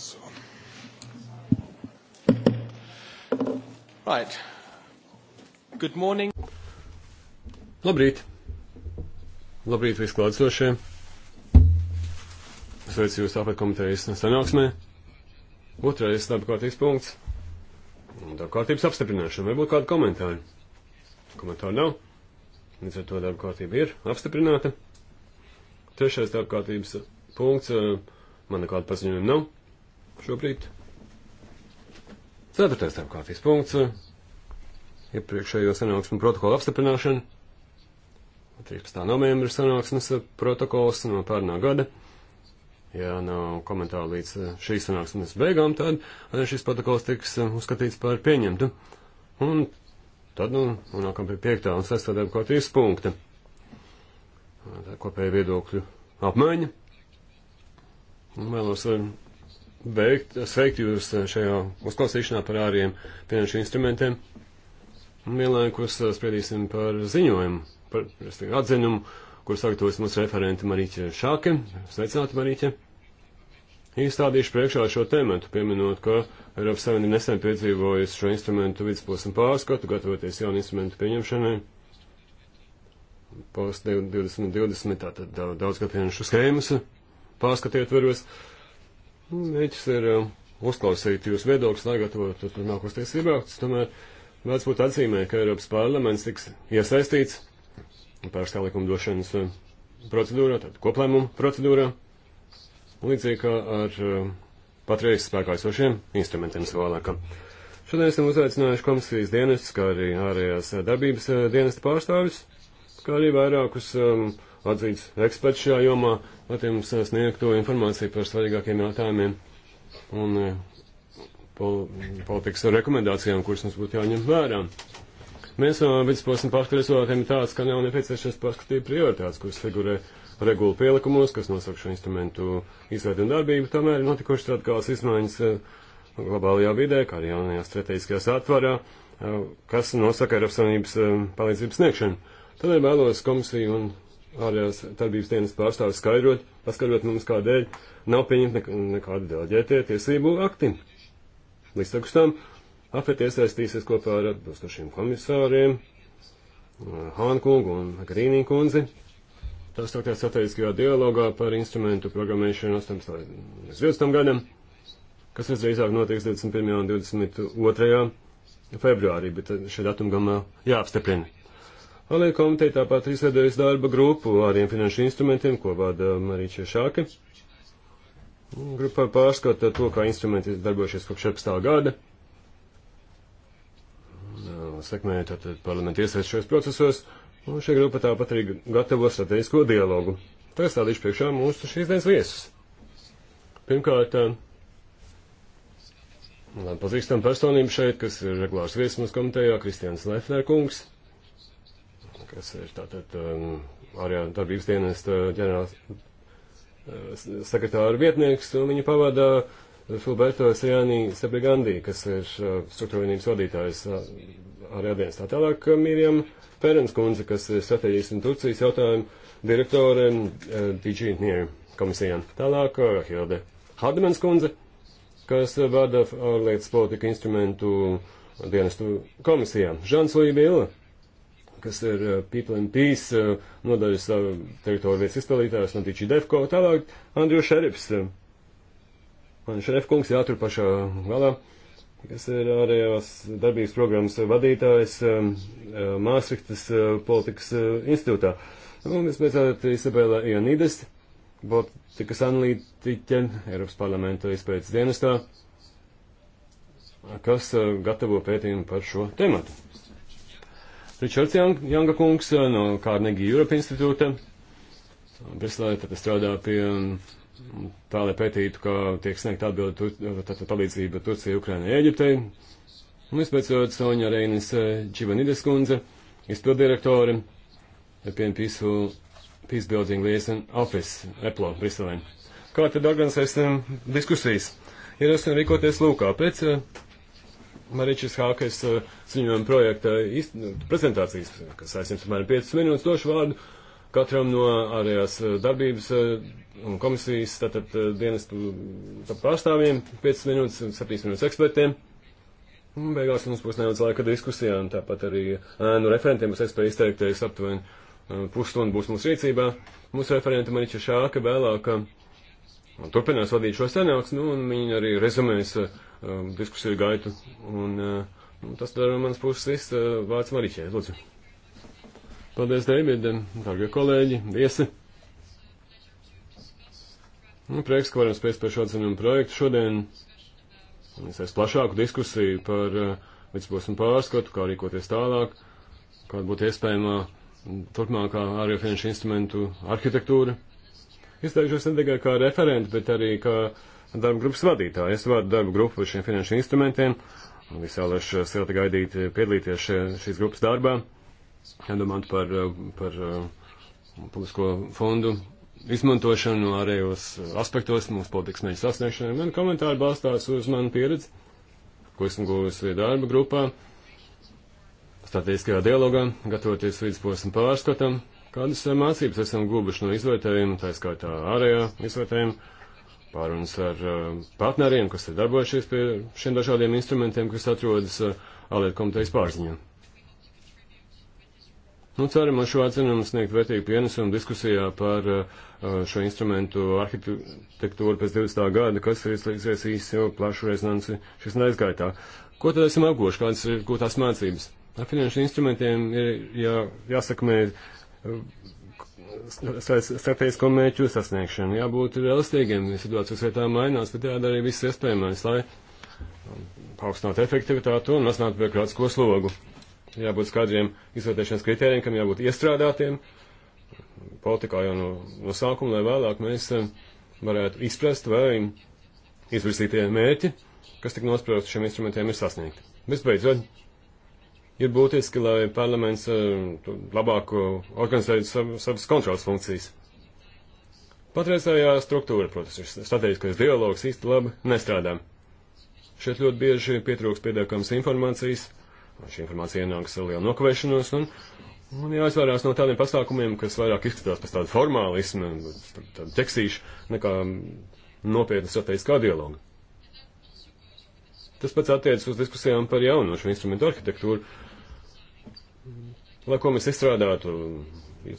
So. Right. Good morning. Labrīt. Labrīt visklātsošie. Sveicu jūs tāpat komitejas sanāksmē. Otrais darba kārtības punkts. Darba kārtības apstiprināšana. Vai būtu kādi komentāri? Komentāru nav. Līdz ar to darba kārtība ir apstiprināta. Trešais darba kārtības punkts. Eh, man nekāda paziņojuma nav šobrīd. Ceturtais apkārtīs punkts. Iepriekšējo sanāksmu protokolu apstiprināšana. 13. novembra sanāksmes protokols no pērnā gada. Ja nav komentāru līdz šīs sanāksmes beigām, tad šis protokols tiks uzskatīts par pieņemtu. Un tad, nu, nākam pie 5. un 6. apkārtīs punkta. Tā kopēja viedokļu apmaiņa. Un vēlos um, veikt, sveikt jūs eh, šajā uzklausīšanā par āriem finanšu instrumentiem. Un vienlaikus eh, spriedīsim par ziņojumu, par atziņumu, kur sagatavos mūsu referenti Marīķe Šāke. Sveicināti, Marīķe! Izstādīšu priekšā šo tēmu, pieminot, ka Eiropas Savienība nesen piedzīvojusi šo instrumentu vidusposmu pārskatu, gatavoties jaunu instrumentu pieņemšanai. Post 2020, tātad daudzgad finanšu schēmas pārskatiet veros. Mēģis ir um, uzklausīt jūs viedokļus, lai gatavotu nākos tiesību aktus. Tomēr vērts būtu atzīmē, ka Eiropas parlaments tiks iesaistīts pārstāv likumdošanas um, procedūrā, tad koplēmumu procedūrā, līdzīgi kā ar um, patreiz spēkā esošiem instrumentiem savādākam. Šodien esam uzaicinājuši komisijas dienestus, kā arī ārējās darbības uh, dienesta pārstāvis, kā arī vairākus um, atzīts eksperts šajā jomā, lai jums sniegtu informāciju par svarīgākiem jautājumiem un eh, pol politikas rekomendācijām, kuras mums būtu jāņem vērā. Mēs no eh, vidusposma pārskatījumiem tāds, ka nav nepieciešams pārskatīt prioritātes, kuras figurē regulu pielikumos, kas nosaka šo instrumentu izveidu un darbību, tomēr ir notikušas radikālas izmaiņas eh, globālajā vidē, kā arī jaunajā strateģiskajā satvarā, kas nosaka Eiropas Savienības palīdzības sniegšanu. Tad vēlos komisiju un ārējās darbības dienas pārstāvis skaidrot, paskaidrot mums, kādēļ nav pieņemta nek nekāda dēļģētie tiesību akti. Līdz takus tam afet iesaistīsies kopā ar atbilstošiem komisāriem, Hānkungu eh, un Grīnī kundzi. Tas tātad strateģiskajā dialogā par instrumentu programmēšanu 18. līdz 20. gadam, kas visdrīzāk notiks 21. un 22. februārī, bet šie datumi gan jāapstiprina. Alēja komiteja tāpat izveidojas darba grupu āriem finanšu instrumentiem, ko vada Marīča Šāke. Grupā pārskata to, kā instrumenti darbojušies kopš 17. gada. Uh, Sekmēja tātad parlamentu iesaist šajos procesos, un šī grupa tāpat arī gatavo strateģisko dialogu. Tagad stādīšu priekšā mūsu šīs dienas viesus. Pirmkārt, uh, pazīstam personību šeit, kas ir regulārs viesis mūsu komitejā, Kristians Lefner kungs kas ir tātad um, ārējā darbības dienesta uh, ģenerāls uh, sekretāra vietnieks, un viņa pavada Filberto Sriani Sebegandī, kas ir uh, struktūrvienības vadītājs uh, ārējā dienestā. Tālāk uh, Mirjam Pērens kundze, kas ir strateģijas un Turcijas jautājumu direktore uh, DG Nier komisijām. Tālāk Hilde Hardemans kundze, kas vada ārlietas politika instrumentu dienestu komisijā. Žans Līvila kas ir eh, People and Peace, eh, nodaļas teritoriju vietas izpildītājs no Tīči Defko, tālāk Andriju Šerips. Man Šerifkungs jātur pašā galā, kas ir ārējās darbības programmas vadītājs eh, Māsriktas politikas institūtā. Un visbeidzot Isabela Ianides, politikas analītiķe Eiropas parlamenta izpētes dienestā, kas gatavo pētījumu par šo tematu. Ričards Janga kungs uh, no Kārnegi Europe institūta. Briselē tad strādā pie um, tā, lai pētītu, kā tiek sniegt atbildi, tur, uh, tātad palīdzība Turcija, Ukraina, Ēģiptei. Un visbeidzot, Soņa Reinis uh, Čivanides kundze, izpildirektore, PNPSU Peace Building Liaison Office, EPLO, Briselē. Kā tad organizēsim um, diskusijas? Ierosim rīkoties lūkā pēc Maričis Hākais eh, ziņojuma projekta prezentācijas, kas aizņems apmēram 5 minūtes, došu vārdu katram no ārējās eh, darbības eh, un komisijas tātad dienas pārstāvjiem 5 minūtes un 7 minūtes ekspertiem. Un beigās mums būs nedaudz laika diskusijām, tāpat arī no referentiem būs iespēja izteikties aptuveni pusstundu būs mūsu rīcībā. Mūsu referenta Mariča Šāka vēlāk turpinās vadīt šo sanāksmi, nu, un viņa arī rezumēs uh, um, diskusiju gaitu. Un, uh, nu, tas dara mans puses viss uh, vārds Mariķē. Lūdzu. Paldies, David, dārgie kolēģi, viesi. Nu, prieks, ka varam spēst par šo atzinumu projektu šodien. Es esmu plašāku diskusiju par uh, vidusposmu pārskatu, kā rīkoties tālāk, kāda būtu iespējama turpmākā ārējo finanšu instrumentu arhitektūra. Izteikšos ne tikai kā referenti, bet arī kā uh, darba grupas vadītāju. Es vadu darba grupu par šiem finanšu instrumentiem. Visālaši eh, silti gaidīt eh, piedalīties še, šīs grupas darbā. Ja domātu par, eh, par publisko fondu izmantošanu ārējos aspektos mūsu politikas mērķu sasniegšanai. Man komentāri balstās uz manu pieredzi, ko esmu guvusi darba grupā, strateģiskajā dialogā, gatavoties vidusposmu pārskatam, kādas mācības esam guvuši no izvērtējuma, tā skaitā ārējā izvērtējuma pārunas ar eh, partneriem, kas ir darbojušies pie šiem dažādiem instrumentiem, kas atrodas Alietu eh, komitejas pārziņā. Nu, ceram ar šo atzinumu sniegt vērtīgu pienesumu diskusijā par eh, šo instrumentu arhitektūru pēc 20. gada, kas ir izlīdzies īsi jau plašu rezonanci šis neizgaitā. Ko tad esam apguvuši, kādas ir gūtās mācības? Ar finanšu instrumentiem ir jā, jāsakmē strateģisko mērķu sasniegšanu. Jābūt realistīgiem, situācijas vietā mainās, bet jādara viss iespējamais, lai um, paaugstinātu efektivitātu un mazinātu birokrātisko slogu. Jābūt skaidriem izvērtēšanas kritērijiem, kam jābūt iestrādātiem politikā jau no, no sākuma, lai vēlāk mēs um, varētu izprast, vai izvirzītie mērķi, kas tik nosprausti šiem instrumentiem, ir sasniegti. Visbeidzot, ir būtiski, lai parlaments eh, labāk eh, organizētu sav, savas kontrolas funkcijas. Patreizējā struktūra, protams, ir strateģiskais dialogs īsti labi nestrādā. Šeit ļoti bieži pietrūks pietiekams informācijas, un šī informācija ienāks liela nokavēšanos, un, un jāizvairās no tādiem pasākumiem, kas vairāk izskatās pēc tāda formālisma, tāda tekstīša, nekā nopietna strateģiskā dialoga. Tas pats attiecas uz diskusijām par jaunošu instrumentu arhitektūru lai ko mēs izstrādātu,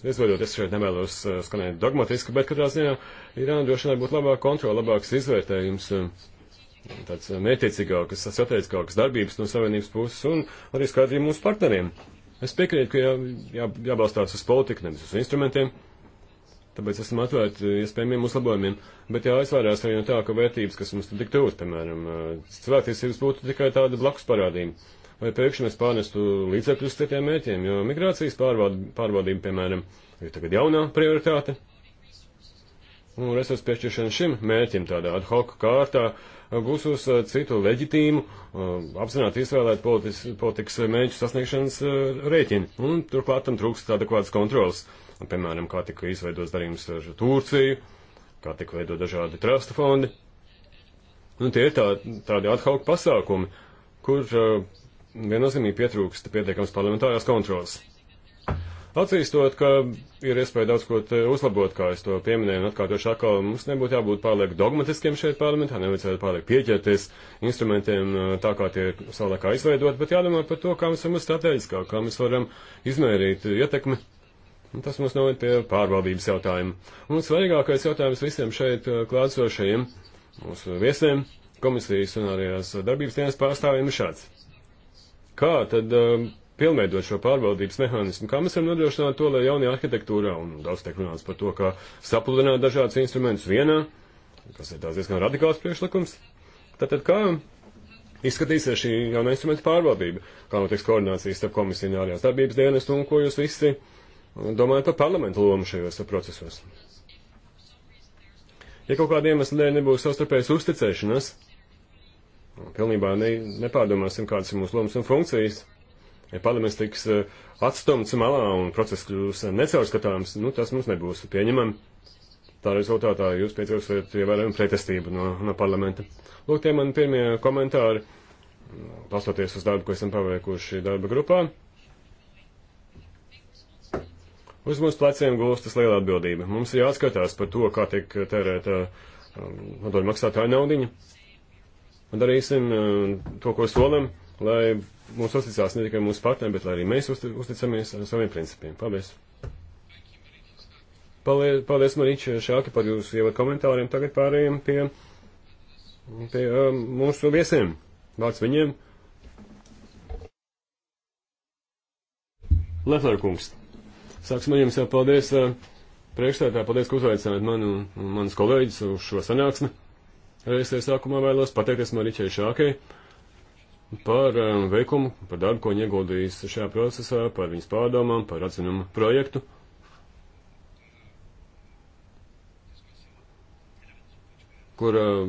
izveidot, es šeit nevēlos eh, skanēt dogmatiski, bet katrā ziņā ir jānodrošina, lai būtu labāka kontrola, labāks izvērtējums, eh, tāds eh, mērķiecīgākas, strateģiskākas darbības no savienības puses un arī skaidrība mūsu partneriem. Es piekrītu, ka jā, jā, jābalstās uz politiku, nevis uz instrumentiem, tāpēc esam atvērti iespējamiem uzlabojumiem, bet jāizvairās arī no tā, ka vērtības, kas mums tik tūs, piemēram, cilvēktiesības būtu tikai tāda blakus parādība lai pēkšņi mēs pārnestu līdzekļus citiem mēķiem, jo migrācijas pārvald, pārvaldība, piemēram, ir tagad jaunā prioritāte. Un resursu piešķiršana šim mērķim tādā ad hoc kārtā būs uh, uz uh, citu leģitīmu, uh, apzināti izvēlēt politis, politikas mērķu sasniegšanas rēķini. Un turklāt tam trūkst adekvātas kontrolas. Un, piemēram, kā tika izveidots darījums ar Turciju, kā tika veidot dažādi trasta fondi. Un tie ir tā, tādi ad hoc pasākumi, kur uh, viennozīmīgi pietrūkst pietiekams parlamentārās kontrolas. Atzīstot, ka ir iespēja daudz ko uzlabot, kā es to pieminēju, un atkārtoši atkal mums nebūtu jābūt pārlieku dogmatiskiem šeit parlamentā, nevajadzētu pārlieku pieķerties instrumentiem uh, tā, kā tie ir savulaikā izveidot, bet jādomā par to, kā mēs varam strateģiskā, kā mēs varam izmērīt ietekmi. Un tas mums noved pie pārvaldības jautājuma. Un svarīgākais jautājums visiem šeit uh, klātsošajiem mūsu viesiem, komisijas un arī darbības dienas pārstāvjiem ir šāds. Kā tad um, pilnveidot šo pārvaldības mehānismu? Kā mēs varam nodrošināt to, lai jaunajā arhitektūrā, un daudz tiek runāts par to, kā sapludināt dažādus instrumentus vienā, kas ir tāds diezgan radikāls priekšlikums, tātad kā izskatīsies šī jaunā instrumenta pārvaldība, kā notiks koordinācijas starp komisiju un ārējās darbības dienestu, un ko jūs visi domājat par parlamentu lomu šajos procesos? Ja kaut kādiem iemesliem nebūs savstarpējas uzticēšanās, Pilnībā ne, nepārdomāsim, kādas ir mūsu lomas un funkcijas. Ja parlaments tiks eh, atstumts malā un process kļūs necaurskatāms, nu, tas mums nebūs pieņemami. Tā rezultātā jūs piedzīvosiet ievērojumu pretestību no, no parlamenta. Lūk, tie mani pirmie komentāri, pastoties uz darbu, ko esam paveikuši darba grupā. Uz mūsu pleciem gulstas liela atbildība. Mums ir jāskatās par to, kā tiek tērēta uh, nodoļu maksātāja naudiņa un darīsim eh, to, ko solam, lai mūs uzticās ne tikai mūsu partneri, bet arī mēs uzticamies ar eh, saviem principiem. Paldies! Paldies, paldies Marīči Šāki par jūsu ievadu komentāriem. Tagad pārējiem pie, pie um, mūsu viesiem. Vārds viņiem. Lefler kungs. Sāksim ar jums jau paldies uh, priekšstādā, paldies, ka uzveicināt mani un, un manus kolēģus uz šo sanāksmi. Es sākumā vēlos pateikties Mariķai Šākai par eh, veikumu, par darbu, ko viņa ieguldījis šajā procesā, par viņas pārdomām, par atzinumu projektu. kur uh,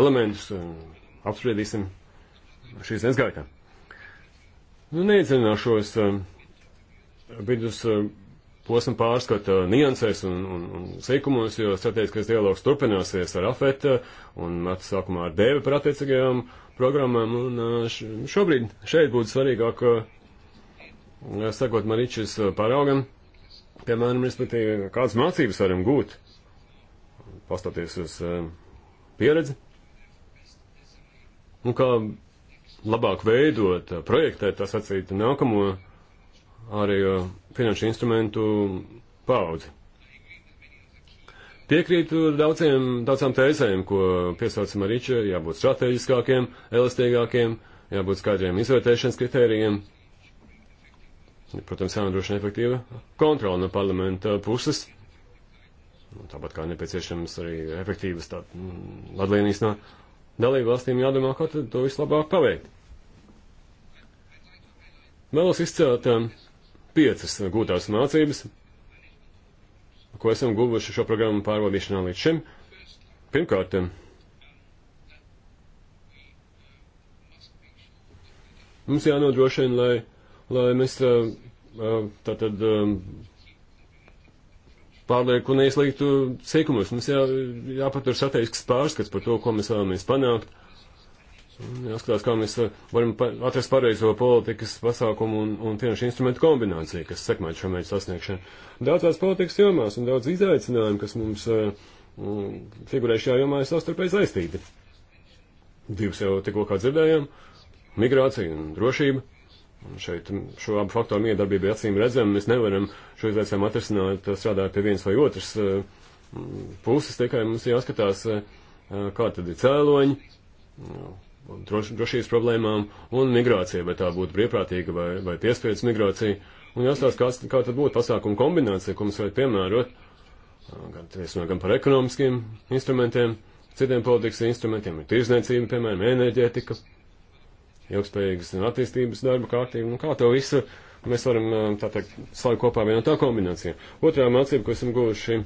elementus uh, apspriedīsim šīs dienas gaitā. Nu, neiedzināšos uh, vidus uh, posmu pārskata niansēs un, un, un sīkumos, jo strateģiskais dialogs turpināsies ar AFET un sākumā ar DEVI par attiecīgajām programmām. Un šobrīd šeit būtu svarīgāk sakot Maričis paraugam, piemēram, respektīvi, kādas mācības varam gūt, pastāties uz pieredzi, un kā labāk veidot, projektēt, tas atsīt nākamo arī uh, finanšu instrumentu paudzi. Piekrītu uh, daudziem, daudzām tēzēm, ko piesauca Mariča, jābūt strateģiskākiem, elastīgākiem, jābūt skaidriem izvērtēšanas kritērijiem. Protams, jānodrošina efektīva kontrola no parlamenta puses. Nu, tāpat kā nepieciešams arī efektīvas tā, mm, vadlīnijas no dalību valstīm jādomā, kā to vislabāk paveikt. Vēlos izcelt um, piecas gūtās mācības, ko esam guvuši šo programmu pārvaldīšanā līdz šim. Pirmkārt, mums jānodrošina, lai, lai mēs tātad pārlieku neieslīgtu sīkumus. Mums jā, jāpatur sateiksmes pārskats par to, ko mēs vēlamies panākt. Jāskatās, kā mēs varam atrast pareizo politikas pasākumu un, un finanšu instrumentu kombināciju, kas sekmētu šo mērķu sasniegšanu. Daudzās politikas jomās un daudz izaicinājumu, kas mums eh, mm, figurē šajā jomā, ir savstarpēji saistīti. Divas jau tikko kā dzirdējām - migrācija un drošība. Un šeit šo abu faktoru miedarbību acīm redzam, mēs nevaram šo izaicinājumu atrisināt strādājot pie vienas vai otras eh, puses, tikai mums jāskatās, eh, kā tad ir cēloņi, droš, drošības problēmām un migrācija, vai tā būtu brīvprātīga vai, vai piespiedas migrācija. Un jāstāsta, kā, kā tad būtu pasākuma kombinācija, ko mums vajag piemērot, gan, gan par ekonomiskiem instrumentiem, citiem politikas instrumentiem, ir tirzniecība, piemēram, enerģētika, ilgspējīgas un attīstības darba kārtība, un nu, kā to visu mēs varam, tā teikt, slēgt kopā vienā tā kombinācijā. Otrā mācība, ko esam guvuši,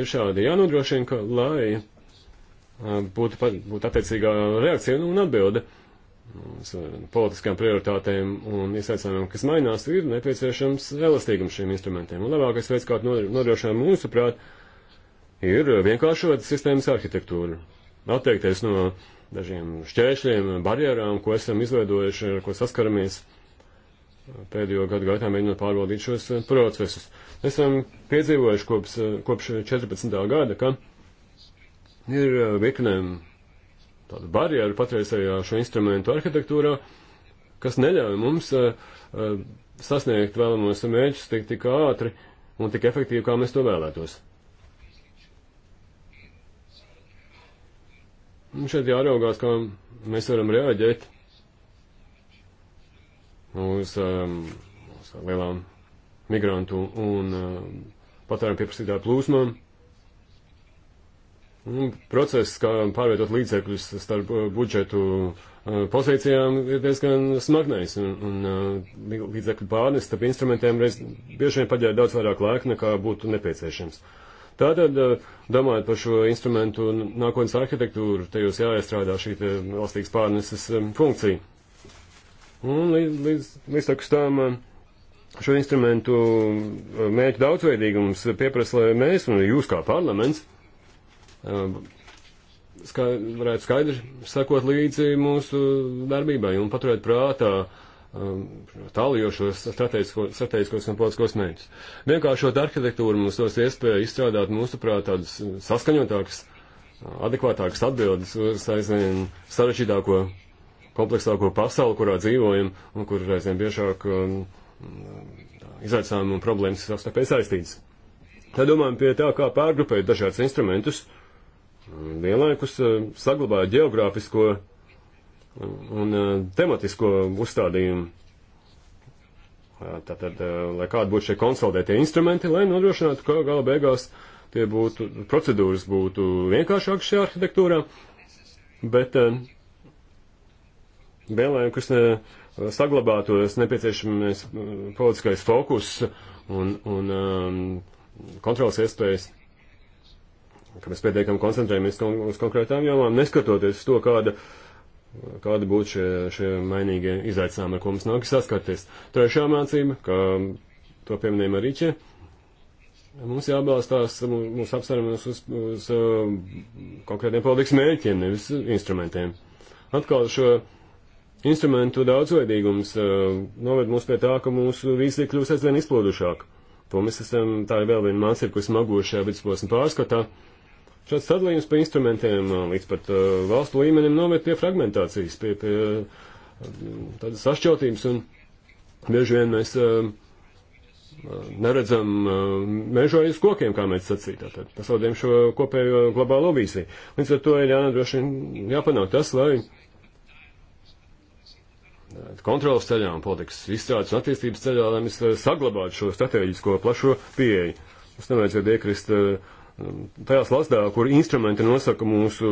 ir šādi jānodrošina, ka, lai būtu, būtu attiecīgā reakcija un atbilde uz politiskām prioritātēm un izaicinājumiem, kas mainās, ir nepieciešams elastīgums šiem instrumentiem. Un labākais veids, kā nodrošināt mūsuprāt, ir vienkāršot sistēmas arhitektūru, atteikties no dažiem šķēršļiem, barjerām, ko esam izveidojuši, ar ko saskaramies pēdējo gadu gaitā mēģinot pārvaldīt šos procesus. Esam piedzīvojuši kopš, kopš 14. gada, ka Ir eh, virknēm tāda barjera patreizējā šo instrumentu arhitektūrā, kas neļauj mums uh, uh, sasniegt vēlamos mērķus tik, tik ātri un tik efektīvi, kā mēs to vēlētos. Un šeit jāraugās, kā mēs varam reaģēt uz, um, uz lielām migrantu un um, patērumu pieprasītāju plūsmām. Un nu, process, kā pārvietot līdzekļus starp uh, budžetu uh, pozīcijām, ir diezgan smagnējs. Un, un uh, līdzekļu pārnes starp instrumentiem reiz bieži vien paģēra daudz vairāk laika, nekā būtu nepieciešams. Tātad, domājot par šo instrumentu nākotnes arhitektūru, te jūs jāiestrādā šī valstīgas pārneses um, funkcija. Un līdz, līdz, līdz takus tām šo instrumentu mērķu daudzveidīgums pieprasa, lai mēs un jūs kā parlaments Ehm, ska, varētu skaidri sekot līdzi mūsu darbībai un paturēt prātā ehm, tālījošos strateģiskos un politiskos mērķus. Vienkāršot arhitektūru mums dos iespēju izstrādāt mūsuprāt tādas saskaņotākas, adekvātākas atbildes uz aizvien sarežģītāko, kompleksāko pasauli, kurā dzīvojam un kur aizvien biežāk ehm, izaicinājumi un problēmas savstarpēji saistītas. Tad domājam pie tā, kā pārgrupēt dažādus instrumentus, uh, vienlaikus eh, saglabāja geogrāfisko un eh, tematisko uzstādījumu. Eh, tātad, lai kādi būtu šie konsolidētie instrumenti, lai nodrošinātu, ka gala beigās tie būtu, procedūras būtu vienkāršākas šajā arhitektūrā, bet vienlaikus saglabātos nepieciešamais politiskais fokus un, un kontrols iespējas ka mēs pietiekam koncentrējamies kon uz konkrētām jomām, neskatoties to, kāda, kāda būtu šie, šie mainīgie izaicinājumi, ar ko mums nāk saskarties. Trešā mācība, kā to pieminēja Marīķe, mums jābalstās mūsu apsvērumus uz, uz, uz uh, konkrētiem politikas mērķiem, nevis instrumentiem. Atkal šo instrumentu daudzveidīgums uh, noved mūs pie tā, ka mūsu vīzija kļūs aizvien izplūdušāka. To mēs esam, tā ir vēl viena mācība, ko smagošajā vidusposma pārskatā. Uh, Šāds sadalījums pa instrumentiem līdz pat uh, valstu līmenim noved pie fragmentācijas, pie, pie tādas sašķautības, un bieži vien mēs uh, neredzam uh, mežojas kokiem, kā mēs sacītu, tātad pasaudiem šo kopējo globālo vīziju. Līdz ar to ir jānodrošina, jāpanāk tas, lai kontrolas ceļā un politikas izstrādes un attīstības ceļā, lai mēs saglabātu šo strateģisko plašo pieeju. Mums nevajadzētu iekrist uh, tajās lasdā, kur instrumenti nosaka mūsu,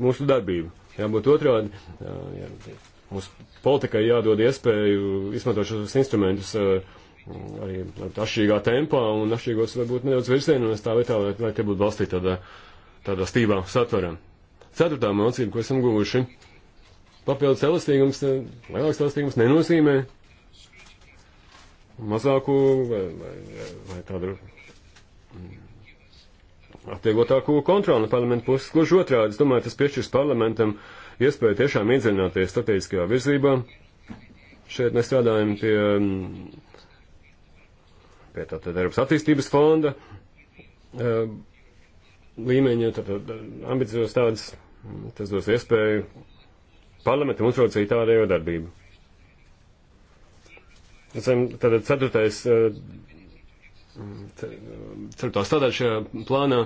mūsu darbību. Jābūt otrādi, jā, mūsu politikai jādod iespēju izmantot šos instrumentus arī atšķirīgā tempā un atšķirīgos varbūt nedaudz virzienos tā vietā, lai, lai tie būtu balstīti tādā, tādā stīvā satvarā. Ceturtā mācība, ko esam guvuši, papildus elastīgums, lielāks elastīgums nenozīmē mazāku vai, vai, vai tādu atvieglotāko kontroli no parlamenta puses. Gluži otrādi, es domāju, tas piešķirs parlamentam iespēju tiešām iedziļināties strateģiskajā virzībā. Šeit mēs strādājam pie, mm, pie tātad Eiropas attīstības fonda e, līmeņa, tātad ambiciozas tādas, mm, tas dos iespēju parlamentam uzraudzīt tādējo darbību. Esam tātad ceturtais e, Ceturtās tādēļ šajā plānā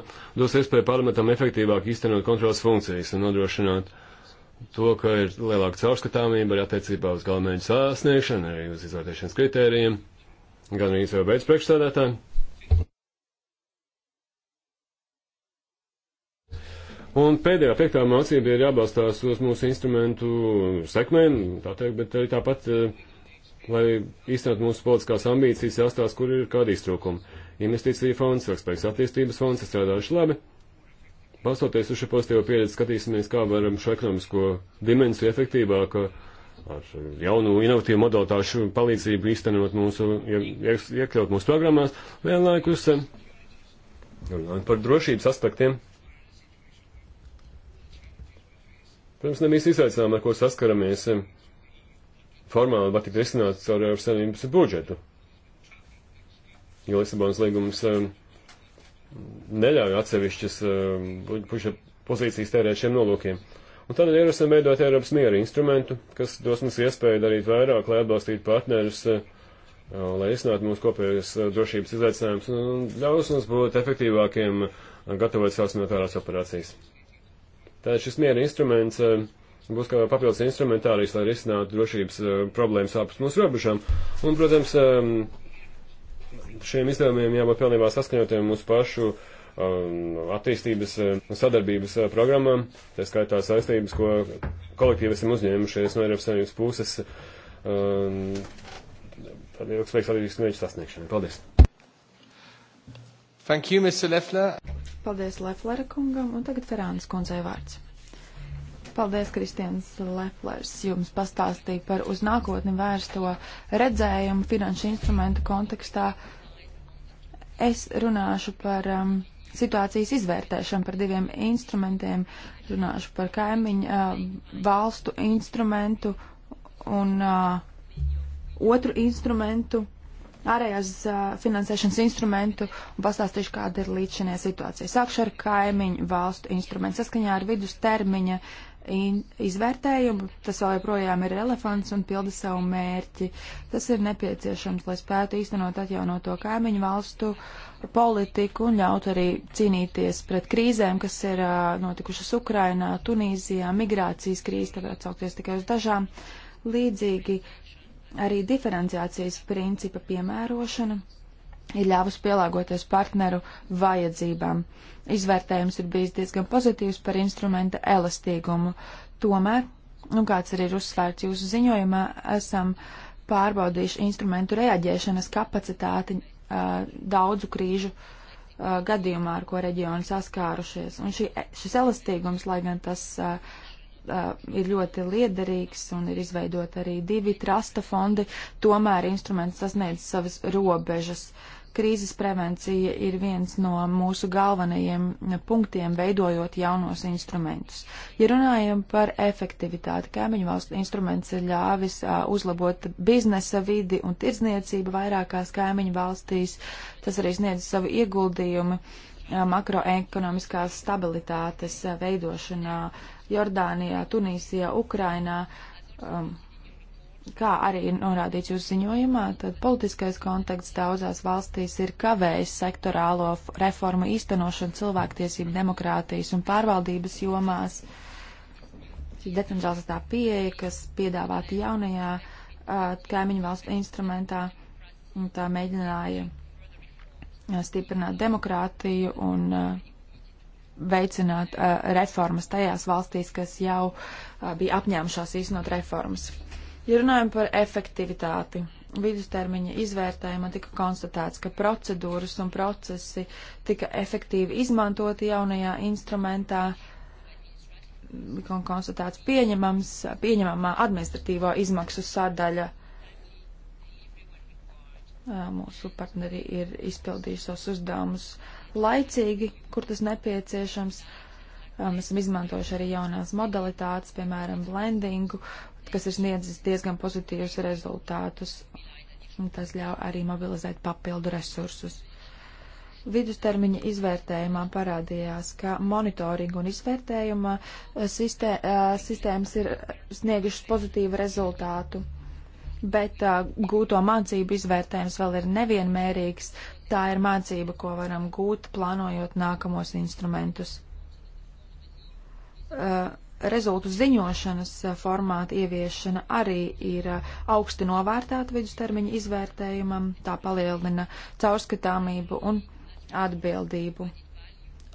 dos iespēju parlamentam efektīvāk īstenot kontrolas funkcijas un nodrošināt to, ka ir lielāka caurskatāmība arī attiecībā uz galvenmērķu sasniegšanu, arī uz izvērtēšanas kritērijiem, gan arī jau beidz priekšstādātāji. Un pēdējā piektā mācība ir jābalstās uz mūsu instrumentu sekmēm, tā teikt, bet arī tāpat uh, lai īstenot mūsu politiskās ambīcijas, jāstāsta, kur ir kādi iztrūkumi. Investīcija fonds, ilgspējas attīstības fonds, ir strādājuši labi. Balstoties uz šo pozitīvo pieredzi, skatīsimies, kā varam šo ekonomisko dimensiju efektīvāk ar jaunu inovatīvu modalitāšu palīdzību īstenot mūsu, iekļaut mūsu programmās, vienlaikus runājot par drošības aspektiem. Protams, nebija izaicinājumi, ar ko saskaramies formāli var tikt risināts ar Eiropas Savienības budžetu. Jo Lisabonas līgums um, neļauj atsevišķas um, puša pozīcijas tērēt šiem nolūkiem. Un tādēļ ierosim veidot Eiropas miera instrumentu, kas dos mums iespēju darīt vairāk, lai atbalstītu partnerus, uh, lai izsnātu mūsu kopējos uh, drošības izaicinājumus un ļaus mums būt efektīvākiem uh, gatavot savas militārās operācijas. Tātad šis miera instruments uh, būs kā papildus instrumentārijas, lai risinātu drošības uh, problēmas ārpus mūsu robežām. Un, protams, um, šiem izdevumiem jābūt pilnībā saskaņotiem mūsu pašu um, attīstības un uh, eh, sadarbības uh, programmām, tā skaitā saistības, ko kolektīvi esam uzņēmušies no Eiropas Savienības puses um, tad ilgspējīgas attīstības mērķu sasniegšanai. Paldies! Thank you, Mr. Lefler. Paldies Leflera kungam, un tagad Ferānas kundzei vārds. Paldies, Kristians Leplers. Jums pastāstīja par uz nākotni vērsto redzējumu finanšu instrumentu kontekstā. Es runāšu par um, situācijas izvērtēšanu par diviem instrumentiem. Runāšu par kaimiņu uh, valstu instrumentu un uh, otru instrumentu, ārējās uh, finansēšanas instrumentu un pastāstīšu, kāda ir līdz šajā situācija. Sākšu ar kaimiņu valstu instrumentu. Saskaņā ar vidus termiņa uh, izvērtējumu, tas vēl joprojām ir relevants un pilda savu mērķi. Tas ir nepieciešams, lai spētu īstenot atjaunoto kaimiņu valstu politiku un ļautu arī cīnīties pret krīzēm, kas ir notikušas Ukrainā, Tunīzijā, migrācijas krīze, tad atsaukties tikai uz dažām. Līdzīgi arī diferenciācijas principa piemērošana ir ļāvis pielāgoties partneru vajadzībām. Izvērtējums ir bijis diezgan pozitīvs par instrumenta elastīgumu. Tomēr, nu kāds arī ir uzsvērts jūsu ziņojumā, esam pārbaudījuši instrumentu reaģēšanas kapacitāti uh, daudzu krīžu uh, gadījumā, ar ko reģioni saskārušies. Un šī, šis elastīgums, lai gan tas uh, Uh, ir ļoti liederīgs un ir izveidot arī divi trasta fondi, tomēr instruments sasniedz savas robežas. Uh, Krīzes prevencija ir viens no mūsu galvenajiem punktiem, veidojot jaunos instrumentus. Ja runājam par efektivitāti, kaimiņu valstu instruments ir ļāvis uh, uzlabot biznesa vidi un tirdzniecību vairākās kaimiņu valstīs. Tas arī sniedz savu ieguldījumu uh, makroekonomiskās stabilitātes uh, veidošanā Jordānijā, Tunīsijā, Ukrainā. Um, kā arī norādīts jūsu ziņojumā, tad politiskais konteksts daudzās valstīs ir kavējis sektorālo reformu īstenošanu cilvēktiesību, demokrātijas un pārvaldības jomās. Šī decentralizētā pieeja, kas piedāvāta jaunajā kaimiņu valstu instrumentā, tā mēģināja a, stiprināt demokrātiju un a, veicināt a, reformas tajās valstīs, kas jau bija apņēmušās īstenot reformas. Ja runājam par efektivitāti, vidustermiņa izvērtējumā tika konstatēts, ka procedūras un procesi tika efektīvi izmantoti jaunajā instrumentā, un konstatēts pieņemams, pieņemamā administratīvo izmaksu sadaļa. Mūsu partneri ir izpildījuši savus uzdevumus laicīgi, kur tas nepieciešams. Mēs esam izmantojuši arī jaunās modalitātes, piemēram, blendingu kas ir sniedzis diezgan pozitīvus rezultātus, un tas ļauj arī mobilizēt papildu resursus. Vidustermiņa izvērtējumā parādījās, ka monitoringa un izvērtējuma eh, sistē, eh, sistēmas ir sniegušas pozitīvu rezultātu, bet eh, gūto mācību izvērtējums vēl ir nevienmērīgs. Tā ir mācība, ko varam gūt, plānojot nākamos instrumentus. Uh, rezultu ziņošanas eh, formāta ieviešana arī ir eh, augsti novērtēta vidustermiņa izvērtējumam, tā palielina caurskatāmību un atbildību.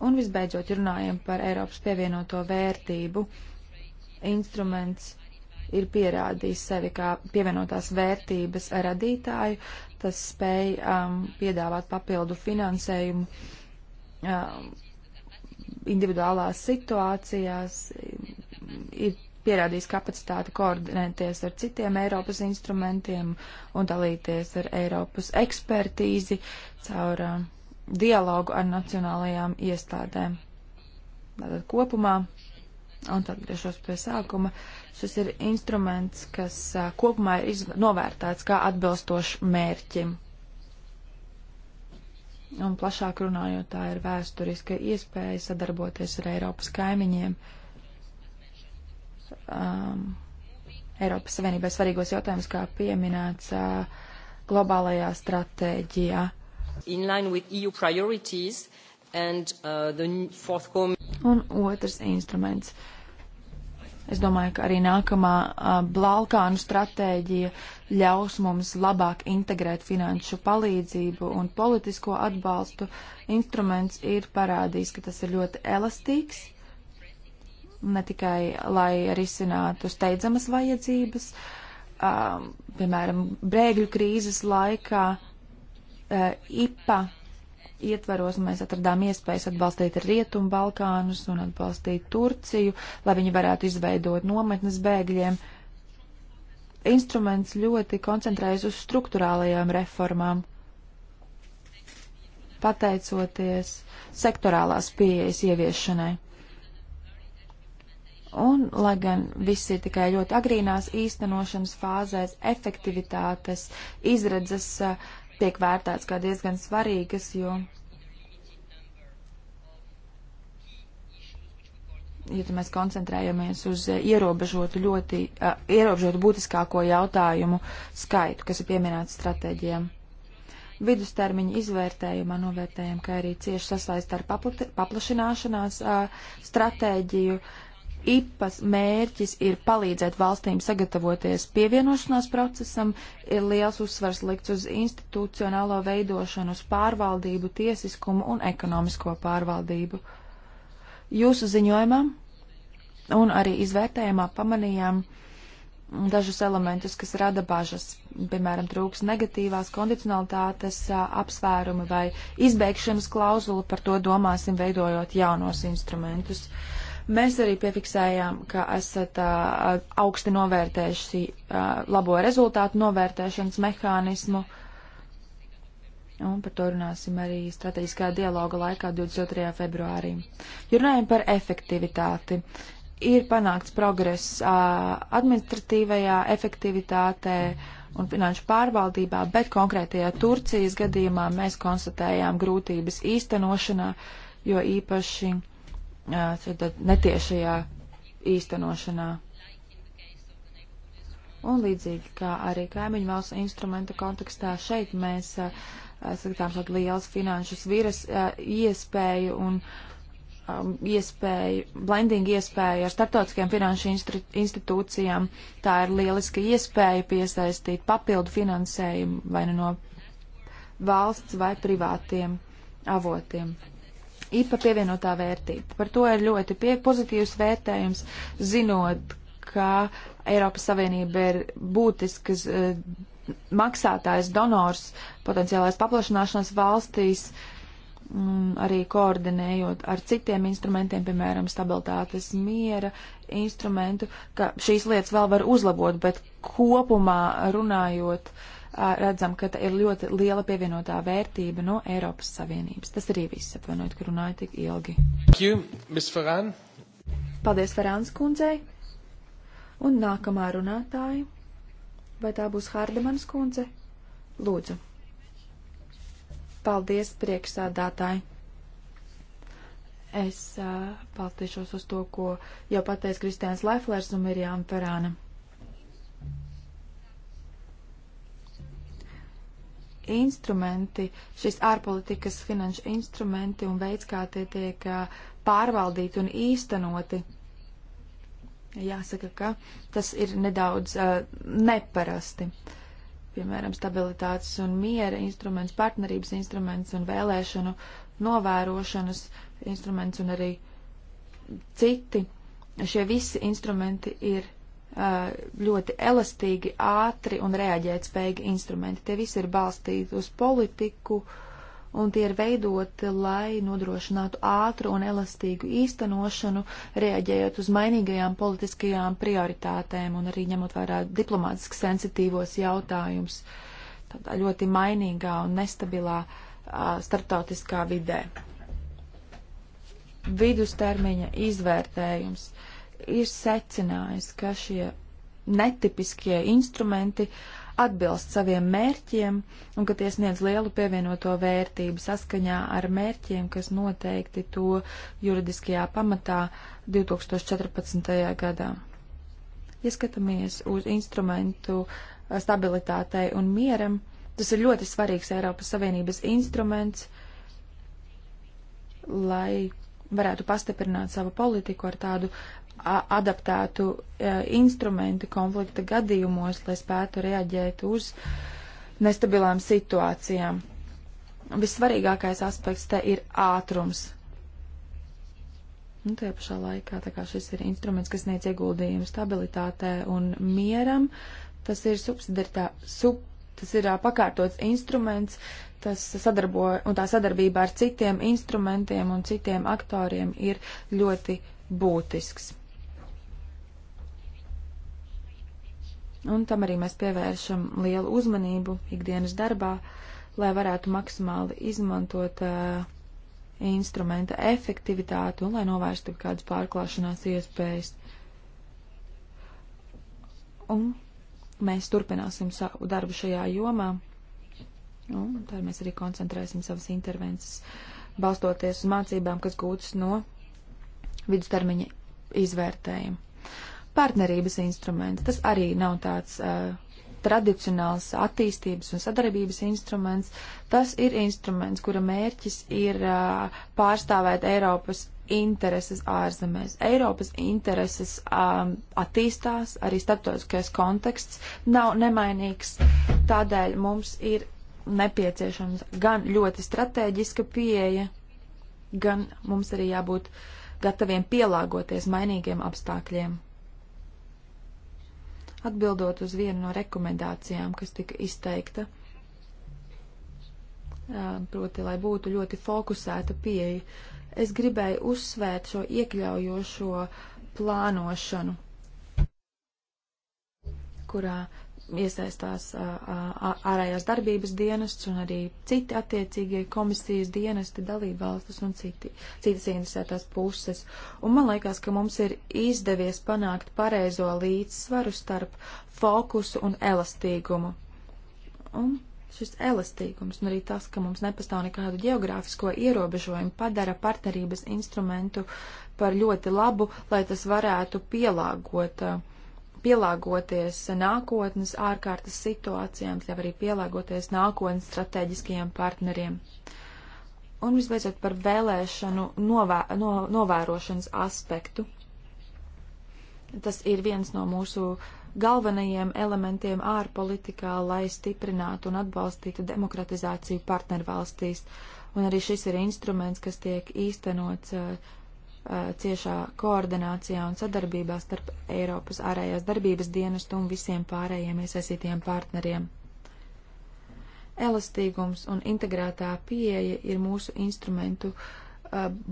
Un visbeidzot, runājam par Eiropas pievienoto vērtību. Instruments ir pierādījis sevi kā pievienotās vērtības radītāju, tas spēj um, piedāvāt papildu finansējumu um, individuālās situācijās ir pierādījis kapacitāti koordinēties ar citiem Eiropas instrumentiem un dalīties ar Eiropas ekspertīzi caur uh, dialogu ar nacionālajām iestādēm. Tātad kopumā, un tad griežos pie sākuma, šis ir instruments, kas uh, kopumā ir novērtēts kā atbilstošs mērķim un plašāk runājot, tā ir vēsturiska iespēja sadarboties ar Eiropas kaimiņiem. Um, Eiropas Savienībai svarīgos jautājumus, kā pieminēts uh, globālajā stratēģijā. E and, uh, forthcoming... Un otrs instruments. Es domāju, ka arī nākamā uh, Balkānu stratēģija ļaus mums labāk integrēt finanšu palīdzību un politisko atbalstu. Instruments ir parādījis, ka tas ir ļoti elastīgs, ne tikai lai risinātu steidzamas vajadzības, um, piemēram, brēgļu krīzes laikā uh, IPA ietveros mēs atradām iespējas atbalstīt Rietumu Balkānus un atbalstīt Turciju, lai viņi varētu izveidot nometnes bēgļiem. Uh, instruments ļoti koncentrējas uz struktūrālajām reformām, pateicoties sektorālās pieejas ieviešanai. Un, lai gan viss ir tikai ļoti agrīnās īstenošanas fāzēs, efektivitātes izredzes uh, tiek vērtēts kā diezgan svarīgas, jo ja mēs koncentrējamies uz eh, ierobežotu, ļoti, uh, ierobežotu būtiskāko jautājumu skaitu, kas ir pieminēts stratēģijām. Vidustermiņa izvērtējumā novērtējam, ka arī cieši sasaist ar papl paplašināšanās uh, stratēģiju. IPAS mērķis ir palīdzēt valstīm sagatavoties pievienošanās procesam, ir liels uzsvars likts uz institucionālo veidošanu, uz pārvaldību, tiesiskumu un ekonomisko pārvaldību. Uh, Jūsu ziņojumā un arī izvērtējumā pamanījām dažus elementus, kas rada bažas. Piemēram, trūks negatīvās kondicionalitātes apsvērumi vai izbeigšanas klauzula, par to domāsim, veidojot jaunos instrumentus. Mēs arī piefiksējām, ka esat a, augsti novērtējuši a, labo rezultātu novērtēšanas mehānismu, a, un par to runāsim arī strateģiskā dialoga laikā 22. februārī. Ja runājam par efektivitāti, ir panākts progress administratīvajā efektivitātē un finanšu pārvaldībā, bet konkrētajā Turcijas gadījumā mēs konstatējām grūtības īstenošanā, jo īpaši a, netiešajā īstenošanā. Un līdzīgi kā arī kaimiņu valsts instrumenta kontekstā, šeit mēs uh, sagatām tādu liels finanšu sviras iespēju un iespēju, blending iespēju ar starptautiskajām finanšu institūcijām. Tā ir lieliska iespēja piesaistīt papildu finansējumu vai nu no valsts vai privātiem avotiem. IPA pievienotā vērtība. Par to ir ļoti pie, pozitīvs vērtējums, zinot, ka Eiropas Savienība ir būtiskas maksātājs, donors, potenciālais paplašanāšanās valstīs, mm, arī koordinējot ar citiem instrumentiem, piemēram, stabilitātes miera instrumentu, ka šīs lietas vēl var uzlabot, bet kopumā runājot, redzam, ka ir ļoti liela pievienotā vērtība no Eiropas Savienības. Tas arī viss, atvainojiet, ka runāju tik ilgi. Thank you, Ms. Ferran. Paldies Ferāns kundzei. Un nākamā runātāja. Vai tā būs Hārdemanas kundze? Lūdzu. Paldies, priekšsādātāji. Es uh, paldiešos uz to, ko jau pateica Kristiāns Laiflers un Mirjām Perāna. instrumenti, šis ārpolitikas finanšu instrumenti un veids, kā tie tiek pārvaldīti un īstenoti, Jāsaka, ka tas ir nedaudz uh, neparasti. Piemēram, stabilitātes un miera instruments, partnerības instruments un vēlēšanu novērošanas instruments un arī citi. Šie visi instrumenti ir uh, ļoti elastīgi, ātri un reaģēt spējīgi instrumenti. Tie visi ir balstīti uz politiku, uh, un tie ir veidoti, lai nodrošinātu ātru un elastīgu īstenošanu, reaģējot uz mainīgajām politiskajām prioritātēm un arī ņemot vērā diplomātiski sensitīvos jautājumus tādā ļoti mainīgā un nestabilā a, starptautiskā vidē. Vidustermiņa izvērtējums ir secinājis, ka šie netipiskie instrumenti uh, atbilst saviem mērķiem un ka tie sniedz lielu pievienoto vērtību saskaņā ar mērķiem, kas noteikti to juridiskajā pamatā 2014. gadā. Ieskatāmies uz instrumentu eh, stabilitātei un mieram. Tas ir ļoti svarīgs Eiropas Savienības instruments, lai varētu pastiprināt savu politiku ar tādu adaptētu e, instrumenti konflikta gadījumos, lai spētu reaģēt uz nestabilām situācijām. Vissvarīgākais aspekts te ir ātrums. Nu, tajā pašā laikā šis ir instruments, kas sniedz ieguldījumu stabilitātē un mieram. Tas ir subsidiaritā, sub, tas ir pakārtots instruments, tas sadarboja un tā sadarbība ar citiem instrumentiem un citiem aktoriem ir ļoti būtisks. un tam arī mēs pievēršam lielu uzmanību ikdienas darbā, lai varētu maksimāli izmantot uh, instrumenta efektivitāti un lai novērstu kādas pārklāšanās iespējas. Un mēs turpināsim savu darbu šajā jomā, un tad mēs arī koncentrēsim savas intervences, balstoties uz mācībām, kas gūtas no vidustermiņa izvērtējuma partnerības instruments. Tas arī nav tāds uh, tradicionāls attīstības un sadarbības instruments. Tas ir instruments, kura mērķis ir uh, pārstāvēt Eiropas intereses ārzemēs. Eiropas intereses um, attīstās, arī starptautiskais konteksts nav nemainīgs. Tādēļ mums ir nepieciešams gan ļoti strateģiska pieeja, gan mums arī jābūt gataviem pielāgoties mainīgiem apstākļiem. Atbildot uz vienu no rekomendācijām, kas tika izteikta, proti, lai būtu ļoti fokusēta pieeja, es gribēju uzsvērt šo iekļaujošo plānošanu, kurā iesaistās ārējās darbības dienests un arī citi attiecīgie komisijas dienesti, dalībvalstis un citi, citas interesētās puses. Un man liekas, ka mums ir izdevies panākt pareizo līdzsvaru starp fokusu un elastīgumu. Un šis elastīgums un arī tas, ka mums nepastāv nekādu geogrāfisko ierobežojumu, padara partnerības instrumentu par ļoti labu, lai tas varētu pielāgot uh, pielāgoties nākotnes ārkārtas situācijām, ļauj arī pielāgoties nākotnes strateģiskajiem partneriem. Un visbeidzot par vēlēšanu novē, no, novērošanas aspektu. Tas ir viens no mūsu galvenajiem elementiem ārpolitikā, lai stiprinātu un atbalstītu demokratizāciju partnervalstīs. Un arī šis ir instruments, kas tiek īstenots uh, ciešā koordinācijā un sadarbībā starp Eiropas ārējās darbības dienestu un visiem pārējiem iesaistītiem partneriem. Elastīgums un integrētā pieeja ir mūsu instrumentu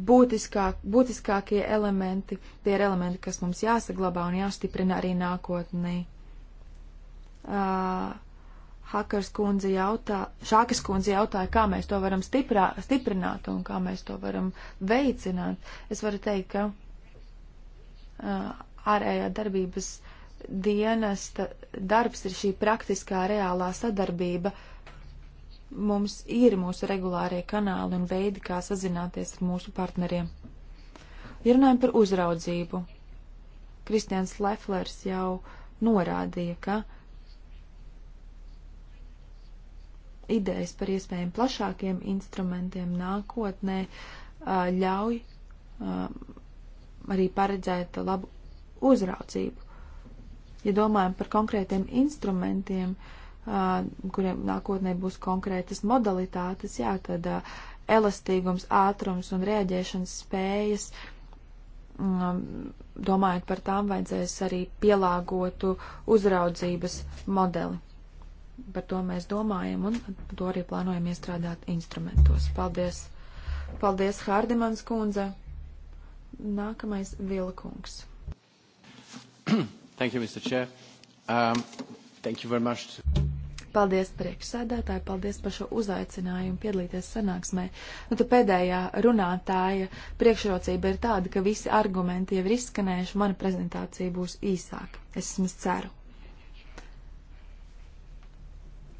būtiskāk, būtiskākie elementi, tie ir elementi, kas mums jāsaglabā un jāstiprina arī nākotnē. Uh, Hakars kundze jautā, Šākas kundze jautāja, kā mēs to varam stiprā, stiprināt un kā mēs to varam veicināt. Es varu teikt, ka uh, ārējā darbības dienesta darbs ir šī praktiskā reālā sadarbība. Mums ir mūsu regulārie kanāli un veidi, kā sazināties ar mūsu partneriem. Ja runājam par uzraudzību, Kristians Leflers jau norādīja, ka uh, idejas par iespējami plašākiem instrumentiem nākotnē ļauj arī paredzēt labu uzraucību. Ja domājam par konkrētiem instrumentiem, kuriem nākotnē būs konkrētas modalitātes, jā, tad elastīgums, ātrums un rēģēšanas spējas, domājot par tām, vajadzēs arī pielāgotu uzraudzības modeli par to mēs domājam un to arī plānojam iestrādāt instrumentos. Paldies! Paldies, Hārdimans kundze! Nākamais Vilkungs. Thank you, Mr. Chair. Um, thank you very much. Paldies priekšsēdētāji, paldies par šo uzaicinājumu piedalīties sanāksmē. Nu, tu pēdējā runātāja priekšrocība ir tāda, ka visi argumenti jau ir izskanējuši, mana prezentācija būs īsāka. Es vismaz ceru.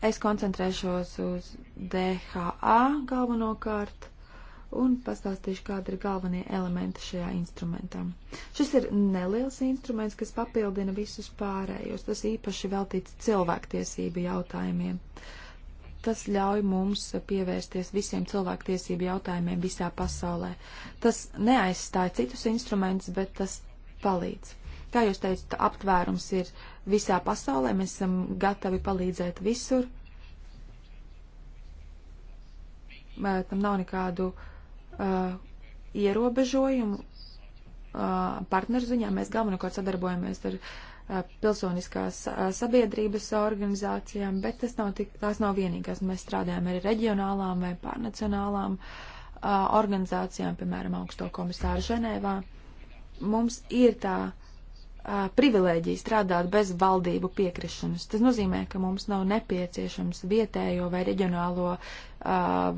Es koncentrēšos uz DHA galvenokārt un pastāstīšu, kāda ir galvenie elementi šajā instrumentā. Šis ir neliels instruments, kas papildina visus pārējos. Tas īpaši veltīts cilvēktiesību jautājumiem. Tas ļauj mums pievērsties visiem cilvēktiesību jautājumiem visā pasaulē. Tas neaizstāja citus instrumentus, bet tas palīdz. Kā jūs teicat, aptvērums ir uh, visā pasaulē, mēs esam gatavi palīdzēt visur. Tam nav nekādu uh, ierobežojumu. Uh, partneru ziņā mēs galvenokārt sadarbojamies ar uh, pilsoniskās uh, sabiedrības organizācijām, bet tas nav tik, tās nav vienīgās. Mēs strādājam arī reģionālām vai pārnacionālām uh, organizācijām, piemēram, augsto komisāru Ženēvā. Mums ir tā privilēģiju strādāt bez valdību piekrišanas. Tas nozīmē, ka mums nav nepieciešams vietējo vai reģionālo uh,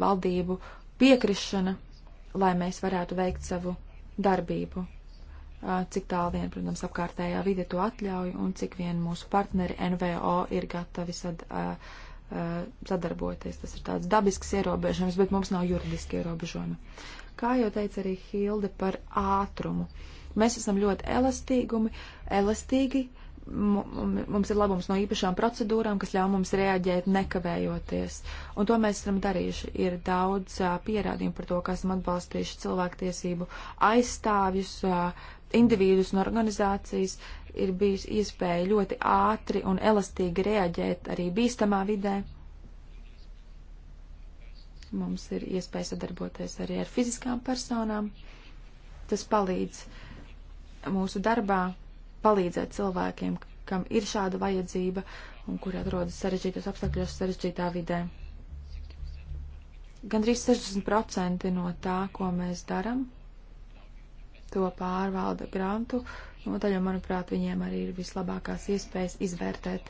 valdību piekrišana, lai mēs varētu veikt savu darbību. Uh, cik tālu vien, protams, apkārtējā vide to atļauj un cik vien mūsu partneri NVO ir gatavi sad, uh, uh, sadarboties. Tas ir tāds dabisks ierobežojums, bet mums nav juridiski ierobežojumi. Kā jau teica arī Hilde par ātrumu. Uh, Mēs esam ļoti elastīgumi, elastīgi. Mums ir labums no īpašām procedūrām, kas ļauj mums reaģēt nekavējoties. Un to mēs esam darījuši. Ir daudz uh, pierādījumu par to, ka esam atbalstījuši cilvēktiesību aizstāvjus, uh, individus un organizācijas. Ir bijusi iespēja ļoti ātri un elastīgi reaģēt arī bīstamā vidē mums ir iespēja sadarboties arī ar fiziskām personām. Tas palīdz mūsu darbā palīdzēt cilvēkiem, kam ir šāda vajadzība un kuri atrodas sarežģītos apstākļos, sarežģītā vidē. Gandrīz 60% no tā, ko mēs darām, to pārvalda grantu nodaļa, nu, un, manuprāt, viņiem arī ir vislabākās iespējas izvērtēt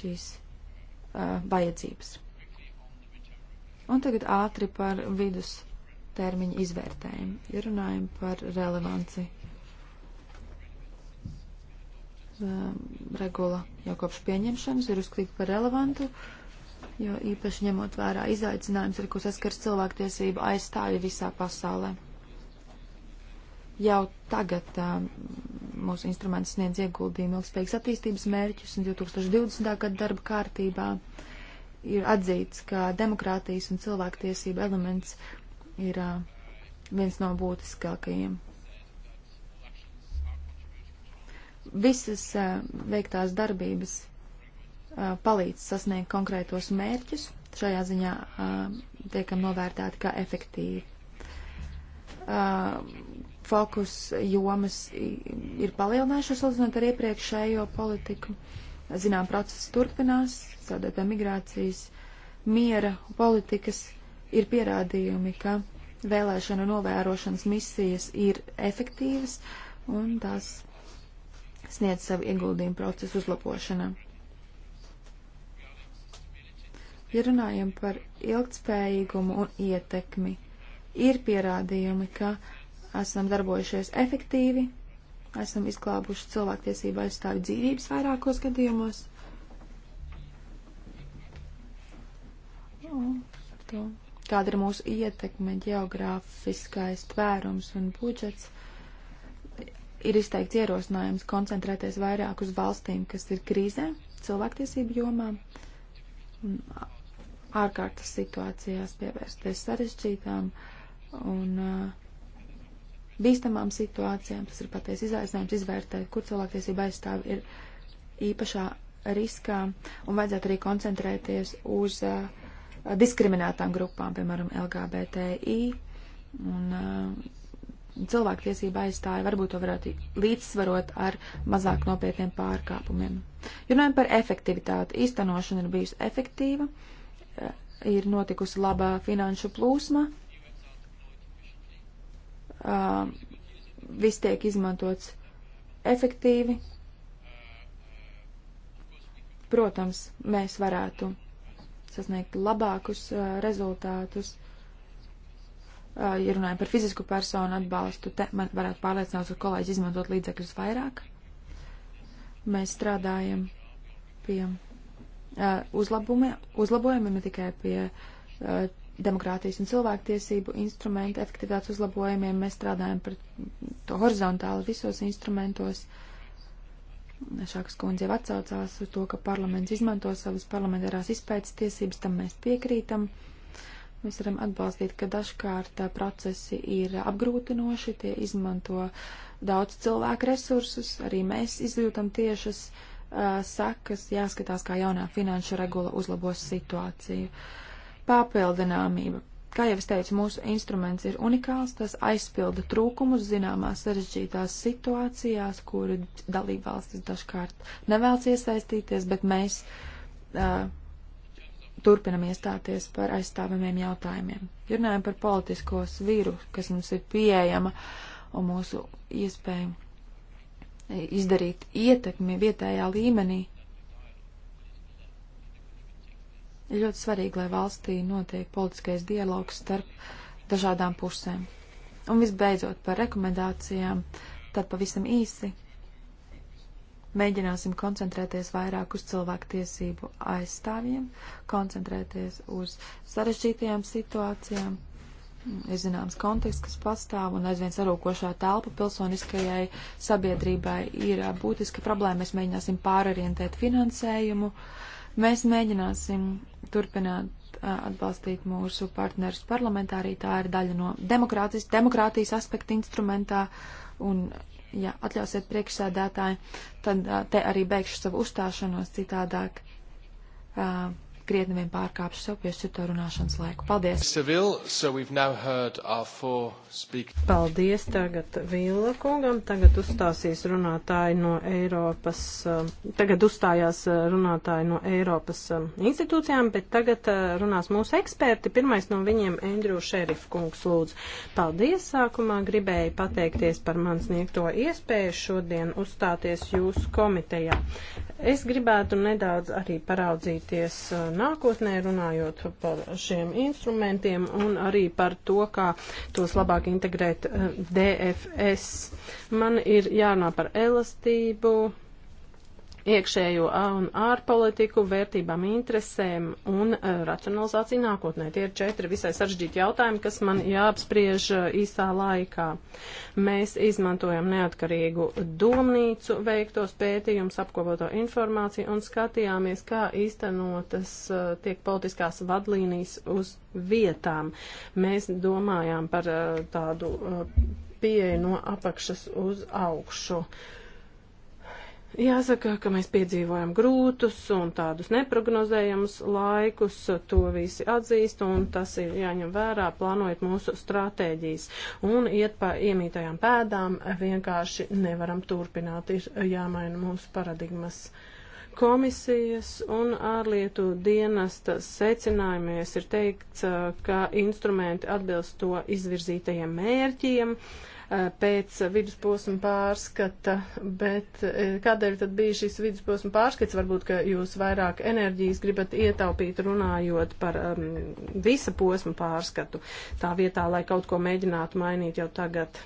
šīs uh, vajadzības. Un tagad ātri par vidus termiņu izvērtējumu, ja runājam par relevanci Ehm, regula jau kopš pieņemšanas ir uzskatīta par relevantu, jo īpaši ņemot vērā izaicinājums, ar ko saskars cilvēktiesība aizstāja visā pasaulē. Jau tagad uh, mūsu instruments sniedz ieguldījumu ilgspējīgas attīstības mērķus un 2020. gada darba kārtībā ir atzīts, ka demokrātijas un cilvēktiesība elements ir uh, viens no būtiskākajiem visas veiktās darbības palīdz sasniegt konkrētos mērķus. Šajā ziņā tiekam novērtēti kā efektīvi. Fokus jomas ir palielinājušās salīdzinot ar iepriekšējo politiku. Zinām, process turpinās, tādēļ migrācijas, miera politikas ir pierādījumi, ka vēlēšana novērošanas misijas ir efektīvas un tās sniedz savu ieguldījumu procesu uzlabošanā. Ja runājam par ilgtspējīgumu un ietekmi, ir pierādījumi, ka esam darbojušies efektīvi, esam izglābuši cilvēktiesību aizstāvju dzīvības vairākos gadījumos. Kāda ir mūsu ietekme, geogrāfiskais tvērums un budžets? Uh, ir izteikts ierosinājums koncentrēties vairāk uz valstīm, kas ir krīzē, cilvēktiesību jomā, un ārkārtas situācijās pievērsties sarežģītām un uh, bīstamām situācijām. Tas ir patiesi izaicinājums izvērtēt, kur cilvēktiesība aizstāv ir īpašā riskā, un vajadzētu arī koncentrēties uz uh, diskriminētām grupām, piemēram, LGBTI un uh, cilvēktiesība aizstāja, varbūt to varētu līdzsvarot ar mazāk nopietniem pārkāpumiem. Runājot par efektivitāti, īstenošana ir bijusi efektīva, eh, ir notikusi labā finanšu plūsma, eh, viss tiek izmantots efektīvi. Protams, mēs varētu sasniegt labākus eh, rezultātus ja runājam par fizisku personu atbalstu, te man varētu pārliecināt, ka kolēģis izmantot līdzekļus vairāk. Mēs strādājam pie uh, uzlabojumiem, ne tikai pie uh, demokrātijas un cilvēktiesību instrumentu efektivitātes uzlabojumiem. Mēs strādājam par to horizontāli visos instrumentos. Šāks kundze jau atsaucās uz to, ka parlaments izmanto savas parlamentārās izpētes tiesības, tam mēs piekrītam. Uh, Mēs varam atbalstīt, ka dažkārt procesi ir apgrūtinoši, tie izmanto daudz cilvēku resursus, arī mēs izjūtam tiešas uh, sekas, jāskatās, kā jaunā finanšu regula uzlabos situāciju. Papildināmība. Kā jau es teicu, mūsu instruments ir unikāls, tas aizpilda trūkumus zināmās sarežģītās situācijās, kuru dalībvalstis dažkārt nevēlas iesaistīties, bet mēs uh, turpinam iestāties par aizstāvamiem jautājumiem. Runājam par politisko svīru, kas mums ir pieejama un mūsu iespēju izdarīt ietekmi vietējā līmenī. Ir ļoti svarīgi, lai valstī notiek politiskais dialogs starp dažādām pusēm. Un visbeidzot par rekomendācijām, tad pavisam īsi Mēģināsim koncentrēties vairāk uz cilvēku tiesību aizstāvjiem, koncentrēties uz sarežģītajām situācijām. Ir zināms konteksts, kas pastāv, un aizvien sarūkošā telpa pilsoniskajai sabiedrībai ir būtiska problēma. Mēs mēģināsim pārorientēt finansējumu, mēs mēģināsim turpināt atbalstīt mūsu partnerus parlamentā, arī tā ir daļa no demokrātijas, demokrātijas aspekta instrumentā, un ja atļausiet priekšsēdētāji, tad te arī beigšu savu uzstāšanos citādāk. Uh, krietni vien pārkāpšu sev piešķirto runāšanas laiku. Paldies! Seville, so Paldies tagad Vīla kungam. Tagad uzstāsies runātāji no Eiropas, um, tagad uzstājās uh, runātāji no Eiropas um, institūcijām, bet tagad uh, runās mūsu eksperti. Pirmais no viņiem Endrū Šerif kungs lūdzu. Paldies! Sākumā gribēju pateikties par man sniegto iespēju šodien uzstāties jūsu komitejā. Es gribētu nedaudz arī paraudzīties uh, nākotnē, runājot par šiem instrumentiem un arī par to, kā tos labāk integrēt eh, DFS. Man ir jārunā par elastību iekšējo un ārpolitiku, vērtībām, interesēm un e, racionalizāciju nākotnē. Tie ir četri visai saržģīti jautājumi, kas man jāapspriež e, īsā laikā. Mēs izmantojam neatkarīgu domnīcu veiktos pētījums, apkopoto informāciju un skatījāmies, kā īstenotas e, tiek politiskās vadlīnijas uz vietām. Mēs domājām par tādu pieeju no apakšas uz augšu. Uh, Jāsaka, ka mēs piedzīvojam grūtus un tādus neprognozējamus laikus, to visi atzīst, un tas ir jāņem vērā, plānojot mūsu stratēģijas. Un iet pa iemītajām pēdām vienkārši nevaram turpināt, ir jāmaina mūsu paradigmas. Uh, Komisijas un ārlietu dienesta secinājumies ir teikts, ka instrumenti atbilst to izvirzītajiem mērķiem pēc vidusposma pārskata, bet kādēļ tad bija šis vidusposma pārskats? Varbūt, ka jūs vairāk enerģijas gribat ietaupīt runājot par um, visa posma pārskatu, tā vietā, lai kaut ko mēģinātu mainīt jau tagad.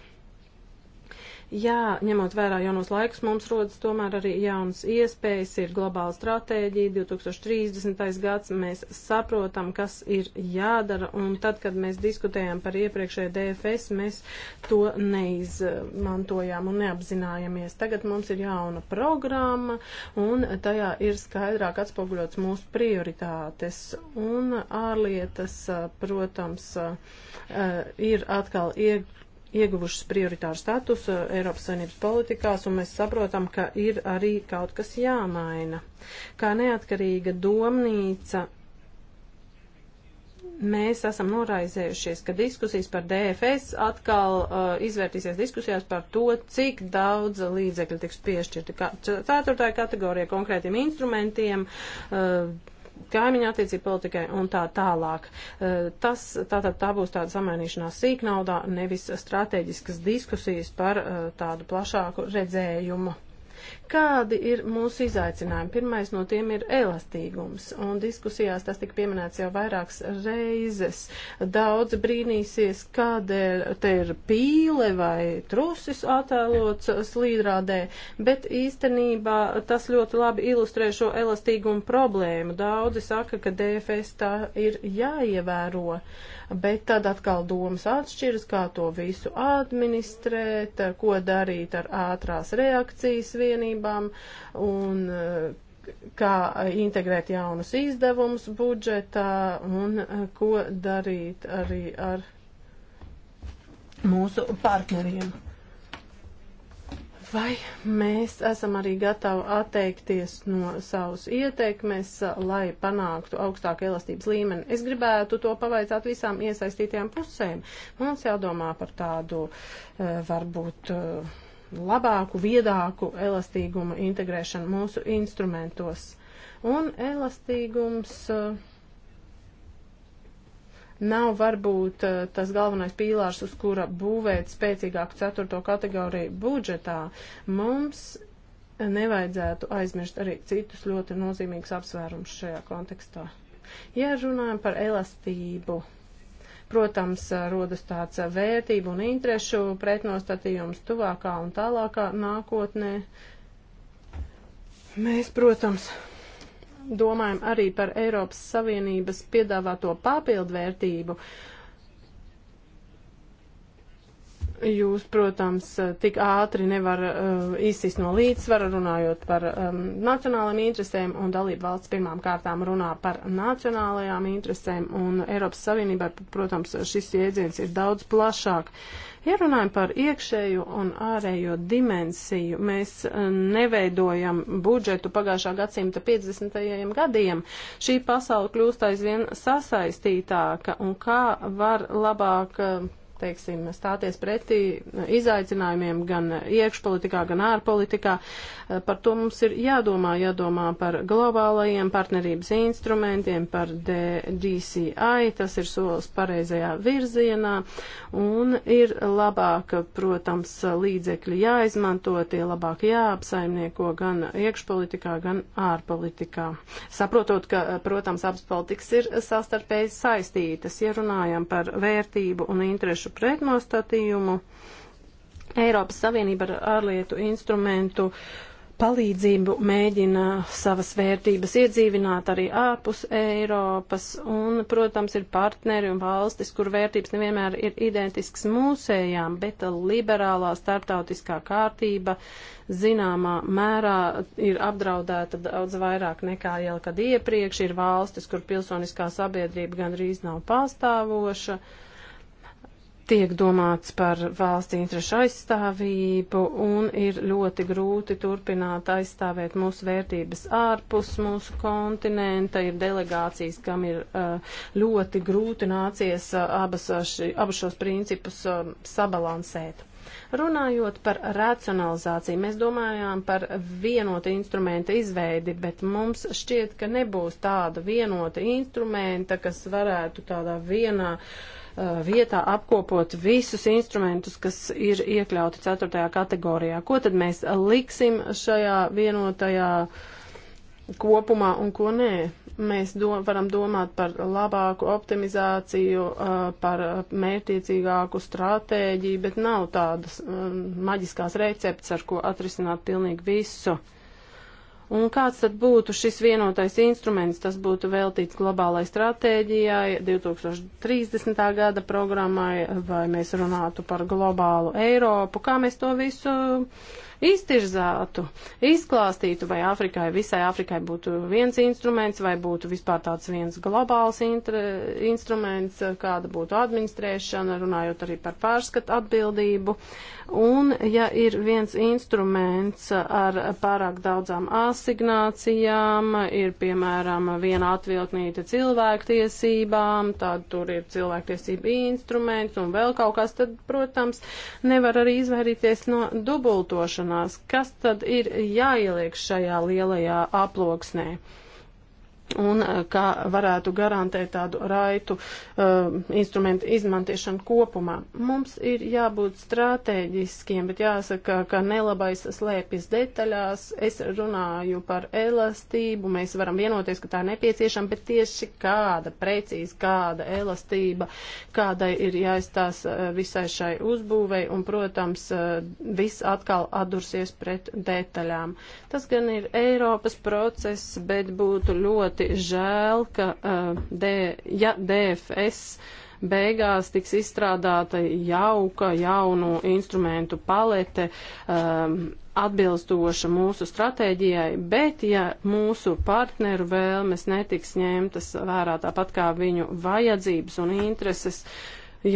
Jā, ņemot vērā jaunos laikus, mums rodas tomēr arī jaunas iespējas, ir globāla stratēģija, 2030. gads, mēs saprotam, kas ir jādara, un tad, kad mēs diskutējām par iepriekšēju DFS, mēs to neizmantojām un neapzinājāmies. Tagad mums ir jauna programma, un tajā ir skaidrāk atspoguļots mūsu prioritātes. Un ārlietas, protams, ir atkal iekļauts ieguvušas prioritāru statusu uh, Eiropas Savienības politikās, un mēs saprotam, ka ir arī kaut kas jāmaina. Kā neatkarīga domnīca mēs esam noraizējušies, ka diskusijas par DFS atkal uh, izvērtīsies diskusijās par to, cik daudz līdzekļu tiks piešķirta. Ceturtā kategorija konkrētiem instrumentiem. Uh, kaimiņa attiecību politikai un tā tālāk. Eh, tas, tātad tā būs tāda samēnīšanās sīknaudā, nevis strateģiskas diskusijas par eh, tādu plašāku redzējumu. Kādi ir mūsu izaicinājumi? Pirmais no tiem ir elastīgums, un diskusijās tas tika pieminēts jau vairākas reizes. Daudz brīnīsies, kādēļ te ir pīle vai trusis attēlots slīdrādē, bet īstenībā tas ļoti labi ilustrē šo elastīgumu problēmu. Daudzi saka, ka DFS tā ir jāievēro, bet tad atkal domas atšķiras, kā to visu administrēt, ko darīt ar ātrās reakcijas vienību slimībām un eh, kā integrēt jaunus izdevumus budžetā un eh, ko darīt arī ar mūsu partneriem. Vai mēs esam arī gatavi atteikties no savas ieteikmes, lai panāktu augstāku elastības līmeni? Es gribētu to pavaicāt visām iesaistītajām pusēm. Mums jādomā par tādu eh, varbūt labāku, viedāku elastīgumu integrēšanu mūsu instrumentos. Un elastīgums eh, nav varbūt eh, tas galvenais pīlārs, uz kura būvēt spēcīgāku ceturto kategoriju budžetā. Mums nevajadzētu aizmirst arī citus ļoti nozīmīgus apsvērumus šajā kontekstā. Ja runājam par elastību, Protams, rodas tāds vērtību un interešu pretnostatījums tuvākā un tālākā nākotnē. Mēs, protams, domājam arī par Eiropas Savienības piedāvāto papildvērtību. Uh, Jūs, protams, tik ātri nevar uh, izsist no līdzsvara runājot par um, nacionālajām interesēm, un dalība valsts pirmām kārtām runā par nacionālajām interesēm, un Eiropas Savienībā, protams, šis jēdziens ir daudz plašāk. Ja runājam par iekšējo un ārējo dimensiju, mēs uh, neveidojam budžetu pagājušā gadsimta 50. gadiem. Šī pasaule kļūst aizvien sasaistītāka, un kā var labāk. Uh, teiksim, stāties pretī izaicinājumiem gan iekšpolitikā, gan ārpolitikā. Eh, par to mums ir jādomā, jādomā par globālajiem partnerības instrumentiem, par DCI, tas ir solis pareizajā virzienā, un ir labāk, protams, līdzekļi jāizmanto, tie labāk jāapsaimnieko gan iekšpolitikā, gan ārpolitikā. Saprotot, ka, eh, protams, abas politikas ir sastarpēji saistītas, ja runājam par vērtību un interešu pretnostatījumu. Eiropas Savienība ar ārlietu instrumentu palīdzību mēģina savas vērtības iedzīvināt arī ārpus Eiropas, un, protams, ir partneri un valstis, kur vērtības nevienmēr ir identisks mūsējām, bet liberālā starptautiskā kārtība zināmā mērā ir apdraudēta daudz vairāk nekā jau kad iepriekš, ir valstis, kur pilsoniskā sabiedrība gandrīz nav pastāvoša. Uh, tiek domāts par valsts interešu aizstāvību un ir ļoti grūti turpināt aizstāvēt mūsu vērtības ārpus mūsu kontinenta. Ir delegācijas, kam ir uh, ļoti grūti nācies uh, abas, uh, abas šos principus um, sabalansēt. Runājot par racionalizāciju, mēs domājām par vienotu instrumentu izveidi, bet mums šķiet, ka nebūs tāda vienota instrumenta, kas varētu tādā vienā uh, Uh, vietā apkopot visus instrumentus, kas ir iekļauti ceturtajā kategorijā. Ko tad mēs liksim šajā vienotajā kopumā un ko nē? Mēs do, varam domāt par labāku optimizāciju, uh, par mērtiecīgāku stratēģiju, bet nav tādas um, maģiskās receptes, ar ko atrisināt pilnīgi visu. Un kāds tad būtu šis vienotais instruments? Tas būtu veltīts globālai stratēģijai, 2030. gada programmai, vai mēs runātu par globālu Eiropu, kā mēs to visu iztirzātu, izklāstītu, vai Afrikai, visai Afrikai būtu viens instruments, vai būtu vispār tāds viens globāls intre, instruments, kāda būtu administrēšana, runājot arī par pārskatu atbildību, Un, ja ir viens instruments ar pārāk daudzām asignācijām, ir piemēram viena atvilknīta cilvēktiesībām, tad tur ir cilvēktiesība instruments un vēl kaut kas, tad, protams, nevar arī izvairīties no dubultošanās. Kas tad ir jāieliek šajā lielajā aploksnē? un eh, kā varētu garantēt tādu raitu uh, instrumentu izmantošanu kopumā. Mums ir jābūt stratēģiskiem, bet jāsaka, ka nelabais slēpjas detaļās. Es runāju par elastību, mēs varam vienoties, ka tā ir nepieciešama, bet tieši kāda, precīzi kāda elastība, kādai ir jāizstās eh, visai šai uzbūvei, un, protams, viss atkal atdursies pret detaļām. Tas gan ir Eiropas process, bet būtu ļoti ļoti žēl, ka uh, D, ja DFS beigās tiks izstrādāta jauka jaunu instrumentu palete. Um, atbilstoša mūsu stratēģijai, bet ja mūsu partneru vēlmes netiks ņemtas vērā tāpat kā viņu vajadzības un intereses,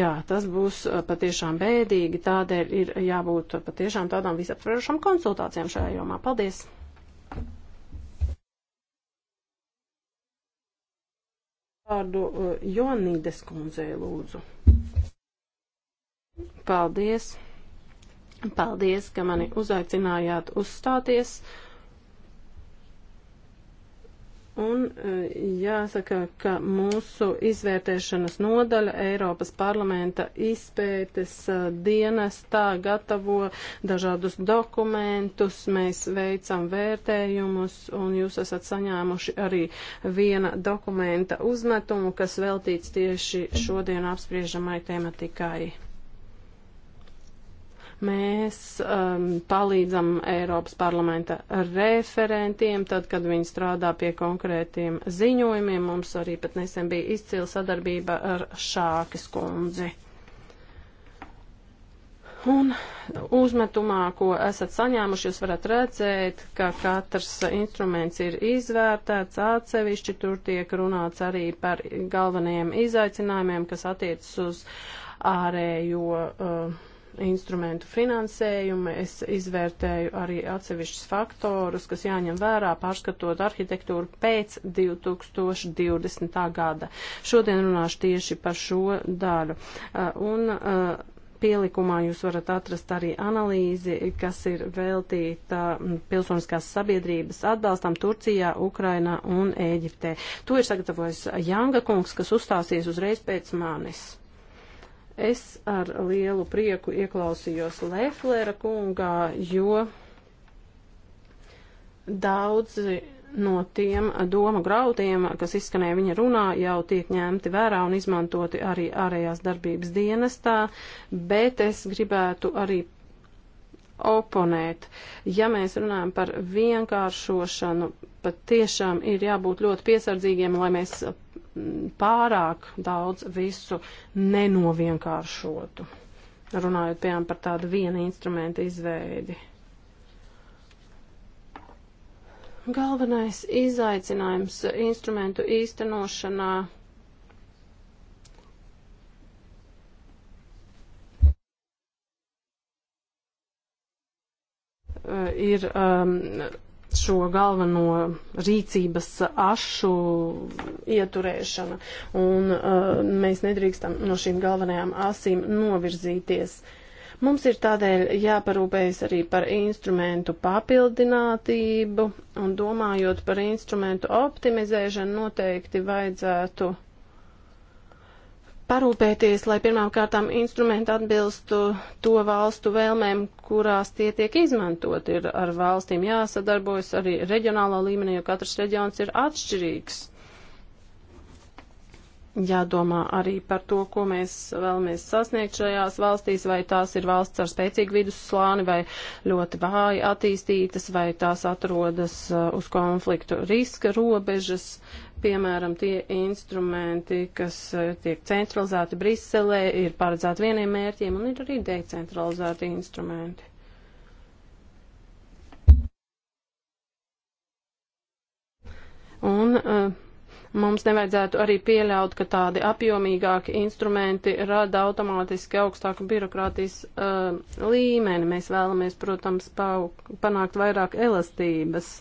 jā, tas būs eh, patiešām bēdīgi, tādēļ ir jābūt patiešām tādām visaptverošām konsultācijām šajā jomā. Paldies! vārdu eh, Jonīdes kundzei lūdzu. Paldies! Paldies, ka mani uzaicinājāt uzstāties. Uh, Un e, jāsaka, ka mūsu izvērtēšanas nodaļa Eiropas parlamenta izpētes e, dienestā gatavo dažādus dokumentus, mēs veicam vērtējumus, un jūs esat saņēmuši arī viena dokumenta uzmetumu, kas veltīts tieši šodien apspriežamai tematikai. Mēs um, palīdzam Eiropas parlamenta referentiem, tad, kad viņi strādā pie konkrētiem ziņojumiem. Mums arī pat nesen bija izcila sadarbība ar Šākas kundzi. Un uzmetumā, ko esat saņēmuši, jūs varat redzēt, ka katrs instruments ir izvērtēts atsevišķi, tur tiek runāts arī par galvenajiem izaicinājumiem, kas attiecas uz ārējo uh, instrumentu finansējumu. Es izvērtēju arī atsevišķus faktorus, kas jāņem vērā, pārskatot arhitektūru pēc 2020. gada. Šodien runāšu tieši par šo daļu. Un, Pielikumā jūs varat atrast arī analīzi, kas ir veltīta pilsoniskās sabiedrības atbalstam Turcijā, Ukrainā un Ēģiptē. To ir sagatavojis Janga kungs, kas uzstāsies uzreiz pēc manis. Es ar lielu prieku ieklausījos Leflera kungā, jo daudzi no tiem doma grautiem, kas izskanēja viņa runā, jau tiek ņemti vērā un izmantoti arī ārējās darbības dienestā, bet es gribētu arī oponēt. Ja mēs runājam par vienkāršošanu, pat tiešām ir jābūt ļoti piesardzīgiem, lai mēs pārāk daudz visu nenovienkāršotu. Runājot, piemēram, par tādu vienu instrumentu izveidi. Galvenais izaicinājums instrumentu īstenošanā ir um, šo galveno rīcības ašu ieturēšana, un uh, mēs nedrīkstam no šīm galvenajām asīm novirzīties. Mums ir tādēļ jāparūpējas arī par instrumentu papildinātību, un domājot par instrumentu optimizēšanu, noteikti vajadzētu uh, parūpēties, lai pirmām kārtām instrumenti atbilstu to valstu vēlmēm, kurās tie tiek izmantot. Ir ar valstīm jāsadarbojas arī reģionālā līmenī, jo katrs reģions ir atšķirīgs. Jādomā arī par to, ko mēs vēlamies sasniegt šajās valstīs, vai tās ir valsts ar spēcīgu vidusslāni, vai ļoti vāji attīstītas, vai tās atrodas uh, uz konfliktu riska robežas. Uh, Piemēram, tie instrumenti, kas eh, tiek centralizēti Briselē, ir paredzēti vieniem mērķiem un ir arī decentralizēti instrumenti. Un uh, mums nevajadzētu arī pieļaut, ka tādi apjomīgāki instrumenti rada automātiski augstāku birokrātijas uh, līmeni. Mēs vēlamies, protams, panākt vairāk elastības.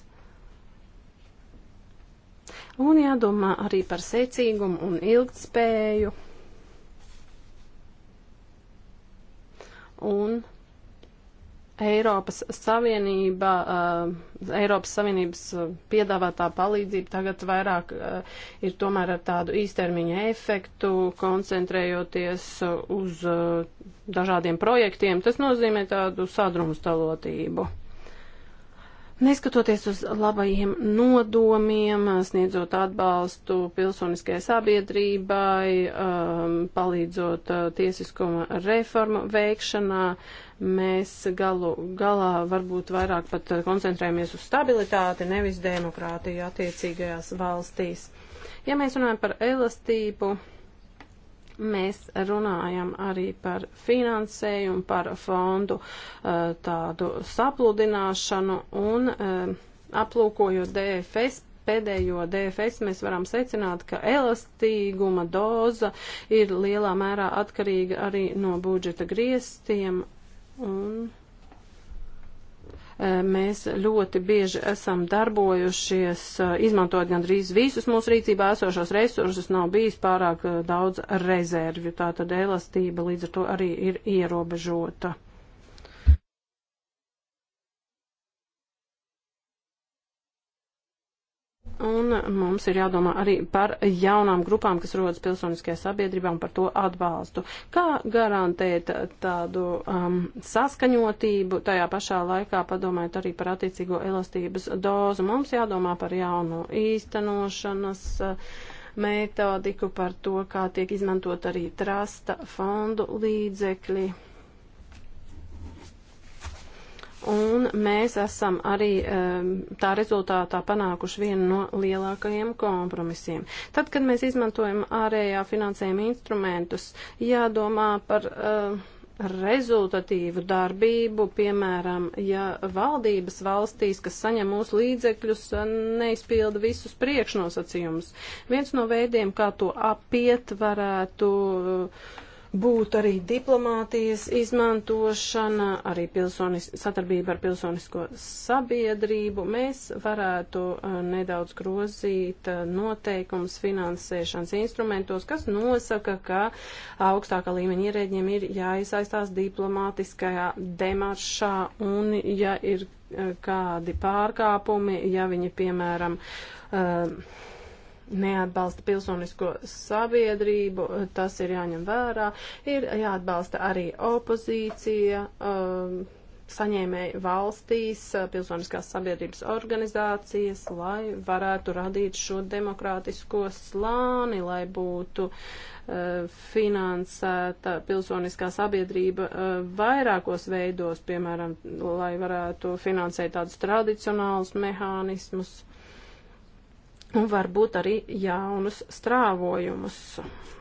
Un jādomā arī par secīgumu un ilgtspēju. Un Eiropas Savienība, uh, Eiropas Savienības uh, piedāvātā palīdzība tagad vairāk uh, ir tomēr ar tādu īstermiņa efektu, koncentrējoties uz uh, dažādiem projektiem. Tas nozīmē tādu sadrumstalotību. Neskatoties uz labajiem nodomiem, sniedzot atbalstu pilsoniskajai sabiedrībai, um, palīdzot uh, tiesiskuma reformu veikšanā, mēs galu, galā varbūt vairāk pat koncentrējamies uz stabilitāti, nevis demokrātiju attiecīgajās valstīs. Ja mēs runājam par elastību, Mēs runājam arī par finansējumu, par fondu eh, tādu sapludināšanu un eh, aplūkojot DFS pēdējo DFS mēs varam secināt, ka elastīguma doza ir lielā mērā atkarīga arī no budžeta griestiem un Eh, mēs ļoti bieži esam darbojušies, eh, izmantojot gandrīz visus mūsu rīcībā esošos resursus, nav bijis pārāk eh, daudz rezervju, tātad elastība līdz ar to arī ir ierobežota. Un mums ir jādomā arī par jaunām grupām, kas rodas pilsoniskajā sabiedrībā un par to atbalstu. Kā garantēt tādu um, saskaņotību, tajā pašā laikā padomājot arī par attiecīgo elastības dozu. Mums jādomā par jaunu īstenošanas uh, metodiku, par to, kā tiek izmantot arī trasta fondu līdzekļi un mēs esam arī um, tā rezultātā panākuši vienu no lielākajiem kompromisiem. Tad, kad mēs izmantojam ārējā finansējuma instrumentus, jādomā par. Uh, rezultatīvu darbību, piemēram, ja valdības valstīs, kas saņem mūsu līdzekļus, neizpilda visus priekšnosacījumus. Viens no veidiem, kā to apiet, varētu uh, būtu arī diplomātijas izmantošana, arī pilsonis, sadarbība ar pilsonisko sabiedrību. Mēs varētu uh, nedaudz grozīt uh, noteikums finansēšanas instrumentos, kas nosaka, ka augstākā līmeņa ierēģiem ir jāiesaistās diplomātiskajā demaršā un, ja ir uh, kādi pārkāpumi, ja viņi, piemēram, uh, neatbalsta pilsonisko sabiedrību, tas ir jāņem vērā, ir jāatbalsta arī opozīcija. Um, saņēmēji valstīs, pilsoniskās sabiedrības organizācijas, lai varētu radīt šo demokrātisko slāni, lai būtu uh, finansēta pilsoniskā sabiedrība uh, vairākos veidos, piemēram, lai varētu finansēt tādus tradicionālus mehānismus. Uh, un varbūt arī jaunus strāvojumus,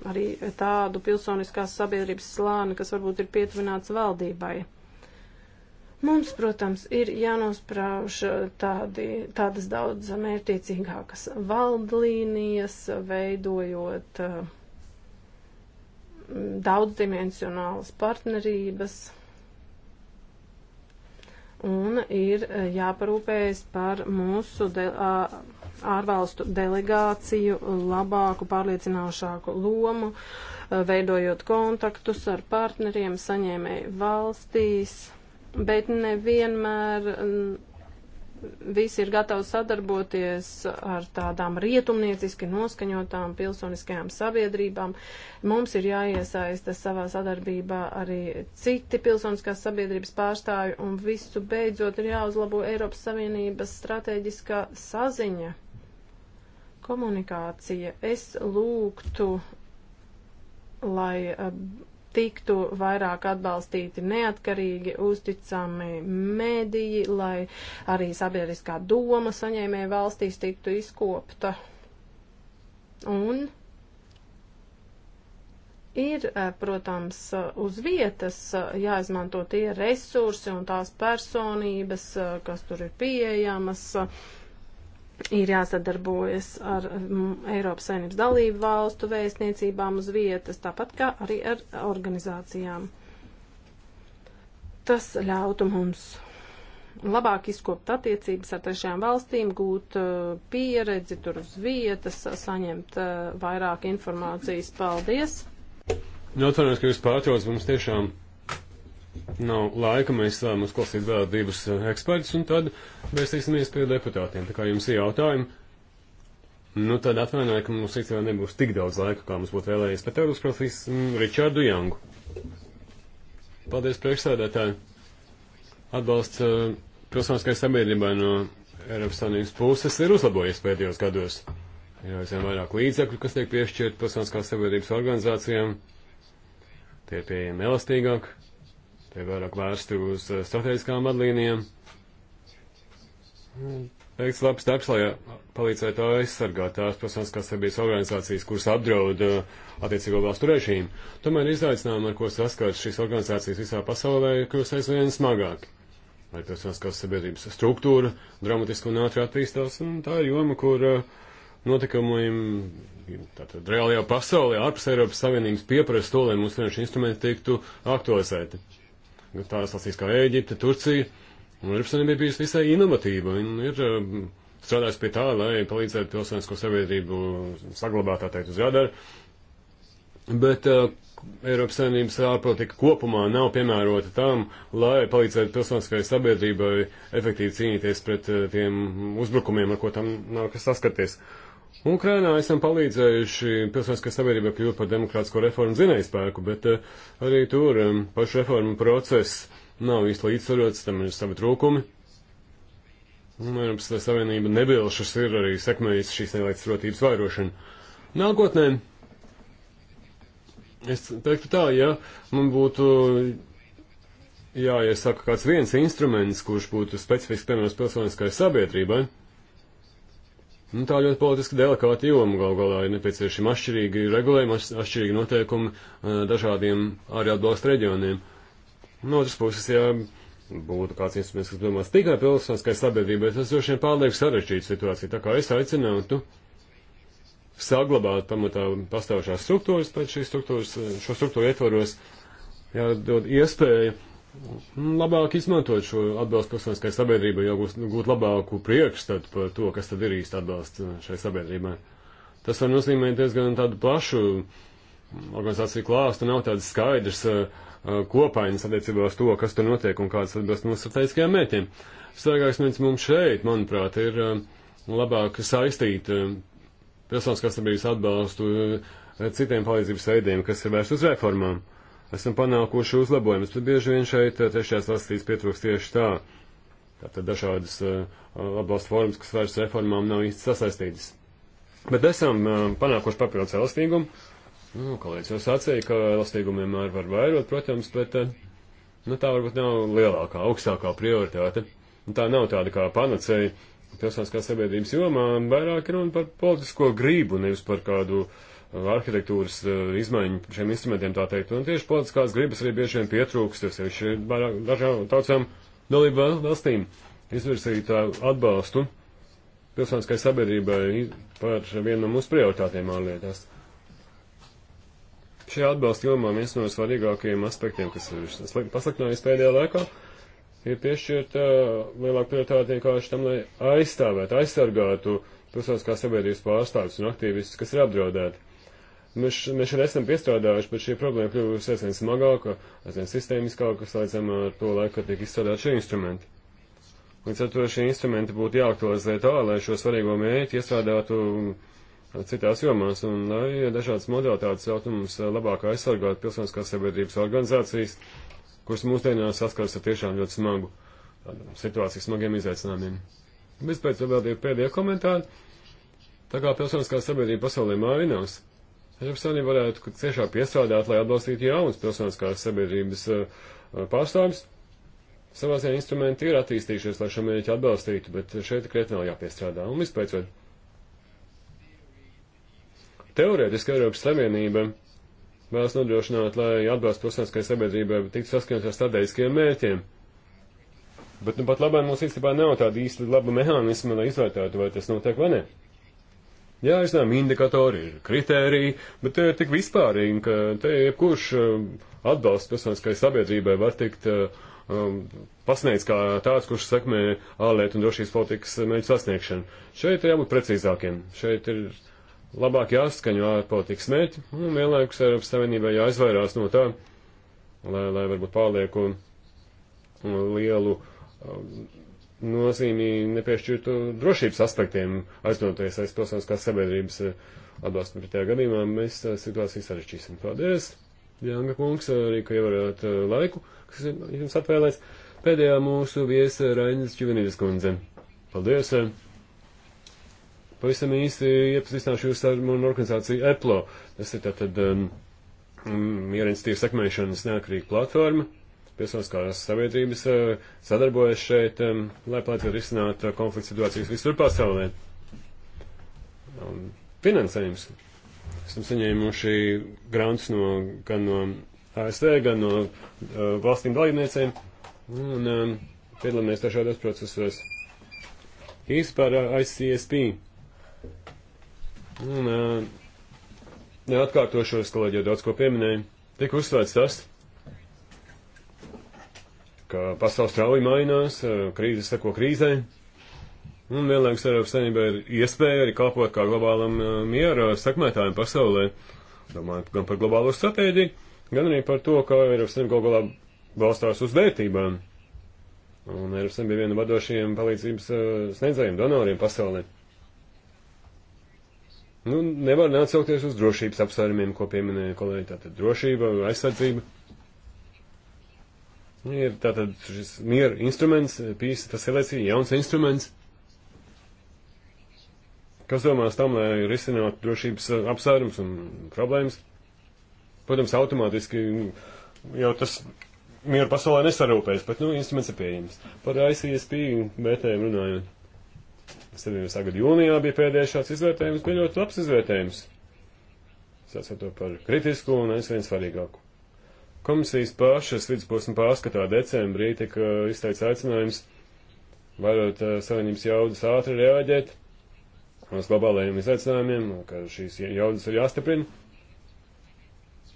arī tādu pilsoniskās sabiedrības slāni, kas varbūt ir pietuvināts valdībai. Mums, protams, ir jānosprauž tādi, tādas daudz mērķiecīgākas valdlīnijas, veidojot mm, daudzdimensionālas partnerības un ir eh, jāparūpējas par mūsu de, a, ārvalstu delegāciju labāku, pārliecinošāku lomu, eh, veidojot kontaktus ar partneriem, saņēmēju valstīs, bet nevienmēr mm, visi ir gatavi sadarboties ar tādām rietumnieciski noskaņotām pilsoniskajām sabiedrībām. Mums ir jāiesaista savā sadarbībā arī citi pilsoniskās sabiedrības pārstāvi un visu beidzot ir jāuzlabo Eiropas Savienības strateģiskā saziņa komunikācija. Es lūgtu, lai eh, tiktu vairāk atbalstīti neatkarīgi, uzticami mediji, lai arī sabiedriskā doma saņēmēja valstīs tiktu izkopta. Un ir, eh, protams, uz vietas eh, jāizmanto tie resursi un tās personības, kas tur ir pieejamas. Uh, ir jāsadarbojas ar mm, Eiropas Savienības dalību valstu vēstniecībām uz vietas, tāpat kā arī ar organizācijām. Tas ļautu mums labāk izkopt attiecības ar trešajām valstīm, gūt uh, pieredzi tur uz vietas, saņemt uh, vairāk informācijas. Paldies! Atvainojos, ka jūs pārtraucat mums tiešām nav laika, mēs varam uzklausīt vēl divus eh, ekspertus, un tad vērsīsimies pie deputātiem. Tā kā jums ir jautājumi, nu tad atvainojiet, ka mums īstenībā nebūs tik daudz laika, kā mums būtu vēlējies, bet tev uzklausīsim mm, Ričardu Jangu. Paldies priekšsēdētāji. Atbalsts uh, pilsoniskai sabiedrībai no Eiropas Savienības puses ir uzlabojies pēdējos gados. Ir aizvien vairāk līdzekļu, kas tiek piešķirt pilsoniskās sabiedrības organizācijām. Tie ir pieejami elastīgāk. Tie vairāk vērsti uz eh, strateģiskām vadlīnijām. Nu, veikts labs darbs, lai eh, palīdzētu aizsargāt tās pilsētiskās sabiedrības organizācijas, kuras apdraud eh, attiecīgo valstu režīmu. Tomēr izaicinājumi, ar ko saskars šīs organizācijas visā pasaulē, kļūst aizvien smagāki. Lai pilsētiskās sabiedrības struktūra dramatiski un ātri attīstās, un tā ir joma, kur notikumiem tātad reālajā pasaulē ārpus Eiropas Savienības pieprasa to, lai mūsu finanšu instrumenti tiktu aktualizēti. Nu, tādas valstīs kā Ēģipte, Turcija. Un Eiropas Savienība ir bijusi visai inovatīva un ir um, strādājusi pie tā, lai palīdzētu pilsonisko sabiedrību saglabāt, tā teikt, uz radara. Bet uh, Eiropas Savienības ārpolitika kopumā nav piemērota tam, lai palīdzētu pilsoniskai sabiedrībai efektīvi cīnīties pret uh, tiem uzbrukumiem, ar ko tam nav kas saskarties. Uh, Ukrainā esam palīdzējuši pilsoniskai sabiedrībai kļūt par demokrātisko reformu zinējspēku, bet eh, arī tur eh, pašu reformu process nav īsti līdzsvarots, tam ir savi trūkumi. Un Eiropas Savienība nebilšas ir arī sekmējusi šīs nelīdzsvarotības vairošanu. Nākotnē es teiktu tā, ja man būtu jāiesaka kāds viens instruments, kurš būtu specifiski piemērs pilsoniskai sabiedrībai. Ja? Nu, tā ļoti politiski delikāta joma gal galā ir nepieciešama atšķirīgi regulējumi, atšķirīgi noteikumi e, dažādiem arī atbalsta reģioniem. No otras puses, ja būtu kāds instruments, kas domās tikai pilsoniskai sabiedrībai, tas droši vien pārlieku sarežģītu situāciju. Tā kā es aicinātu saglabāt pamatā pastāvošās struktūras, pēc šīs struktūras, e, šo struktūru ietvaros jādod iespēju labāk izmantot šo atbalstu pilsoniskai sabiedrībai, jau gūt labāku priekšstatu par to, kas tad ir īsti atbalsts uh, šai sabiedrībai. Tas var nozīmēt diezgan tādu plašu mm, organizāciju klāstu, nav tāds skaidrs uh, uh, kopainas attiecībā uz to, kas tur notiek un kāds atbilst mūsu strateģiskajiem mēķiem. Svarīgākais mērķis mums šeit, manuprāt, ir labāk saistīt pilsoniskās sabiedrības atbalstu citiem palīdzības veidiem, kas ir vērsts uz reformām. Uh, esam panākuši uzlabojumus. Tad bieži vien šeit eh, trešajās valstīs pietrūkst tieši tā. Tātad dažādas uh, atbalsta formas, kas vairs reformām nav īsti sasaistītas. Bet esam uh, panākuši papildus elastīgumu. Nu, kolēģis jau sacīja, ka elastīgumu vienmēr var vairot, protams, bet uh, nu, tā varbūt nav lielākā, augstākā prioritāte. Un nu, tā nav tāda kā panacēja pilsētiskās sabiedrības jomā, vairāk runa par politisko grību, nevis par kādu uh, Uh, arhitektūras uh, izmaiņu šiem instrumentiem, tā teikt. Un tieši politiskās gribas arī bieži vien pietrūkst, jo sevišķi ir dažām tautsām dalību valstīm izvirsīt uh, atbalstu pilsoniskai sabiedrībai par vienu no mūsu prioritātiem ārlietās. Šajā atbalsta jomā viens no svarīgākajiem aspektiem, kas ir pasliktinājies pēdējā laikā, ir piešķirt uh, lielāku prioritāti vienkārši tam, lai aizstāvētu, aizsargātu pilsoniskās sabiedrības pārstāvis un aktīvistus, kas ir apdraudēti. Mēs, mēs šeit esam piestrādājuši, bet šī problēma kļūst aizvien smagāka, aizvien sistēmiskāka, salīdzinām ar to laiku, kad tiek izstrādāt šie instrumenti. Līdz ar to šie instrumenti būtu jāaktualizē tā, lai šo svarīgo mērķi iestrādātu citās jomās un lai dažādas modalitātes ļautu mums labāk aizsargāt pilsoniskās sabiedrības organizācijas, kuras mūsdienās saskars ar tiešām ļoti smagu situāciju, smagiem izaicinājumiem. Vispēc vēl divi pēdējie komentāri. Tā kā pilsoniskā sabiedrība pasaulē mārinās, Eiropas Savienība varētu ciešāk piestrādāt, lai atbalstītu jaunas pilsoniskās sabiedrības eh, pārstāvis. Savā ziņā instrumenti ir attīstījušies, lai šo mērķi atbalstītu, bet šeit krietni vēl jāpiestrādā. Un vispēcot, teorētiski Eiropas Savienība vēlas nodrošināt, lai atbalsts pilsoniskai sabiedrībai tiktu saskaņots ar strateģiskiem mērķiem. Bet nu pat labāk mums īstenībā nav tāda īsti laba mehānisma, lai izvērtētu, vai tas notiek vai ne. Jā, es zinām, indikatori ir kritēriji, bet tie ir tik vispārīgi, ka te jebkurš eh, atbalsts pilsoniskai sabiedrībai var tikt eh, um, pasniegts kā tāds, kurš sekmē ārlietu un drošības politikas mērķu sasniegšanu. Šeit ir jābūt precīzākiem. Šeit ir labāk jāskaņo ārpolitikas mērķi, un vienlaikus Eiropas Savienībai jāizvairās no tā, lai, lai varbūt pārlieku lielu um, nozīmīgi nepiešķirtu drošības aspektiem, aizdoties aiz pilsoniskās sabiedrības eh, atbalstu. Pretējā gadījumā mēs eh, situāciju sarežģīsim. Paldies, Jānga kungs, arī, ka ievērojāt eh, laiku, kas jums atvēlēts. Pēdējā mūsu viesa Rainis Čivinīdas kundze. Paldies! Pavisam īsti iepazīstināšu jūs ar manu organizāciju EPLO. Tas ir tātad um, ehm, mierinstitūta mm, sekmēšanas neatkarīga platforma. Uh, pilsoniskās sabiedrības eh, sadarbojas šeit, lai palīdzētu risināt eh, konflikts situācijas visur pasaulē. Un finansējums. Esam saņēmuši grants no, gan no ASV, gan no uh, valstīm dalībniecēm. Un um, piedalāmies dažādos procesos. Īsti par uh, ICSP. Un uh, neatkārtošos, kolēģi jau daudz ko pieminēja. Tik uzsvērts tas. Uh, ka pasaules strauji mainās, eh, krīze seko krīzē, un vienlaikus Eiropas saimnība ir iespēja arī kalpot kā globālam eh, miera sekmētājiem pasaulē, domājot gan par globālo stratēģiju, gan arī par to, ka Eiropas saimnība galu galā balstās uz vērtībām. Un Eiropas Savienība bija viena no vadošajiem palīdzības uh, sniedzējiem, donoriem pasaulē. Nu, nevar neatsaukties uz drošības apsvērumiem, ko pieminēja kolēģi. Tātad drošība, aizsardzība. Nu, ir tātad šis miera instruments, pīsa, tas ir laicīgi jauns instruments. Kas domās tam, lai risinātu drošības uh, apsvērums un problēmas? Protams, automātiski mm, jau tas mieru pasaulē nesarūpēs, bet, nu, instruments ir pieejams. Par ICSP vērtējumu runājot. 17. gada jūnijā bija pēdējais šāds izvērtējums, bija ļoti labs izvērtējums. Sācot to par kritisku un aizvien svarīgāku. Komisijas pašas vidusposma pārskatā decembrī tika uh, izteicis aicinājums vairot uh, savienības jaudas ātri reaģēt uz globālajiem izaicinājumiem, ka šīs jaudas ir jāstiprina.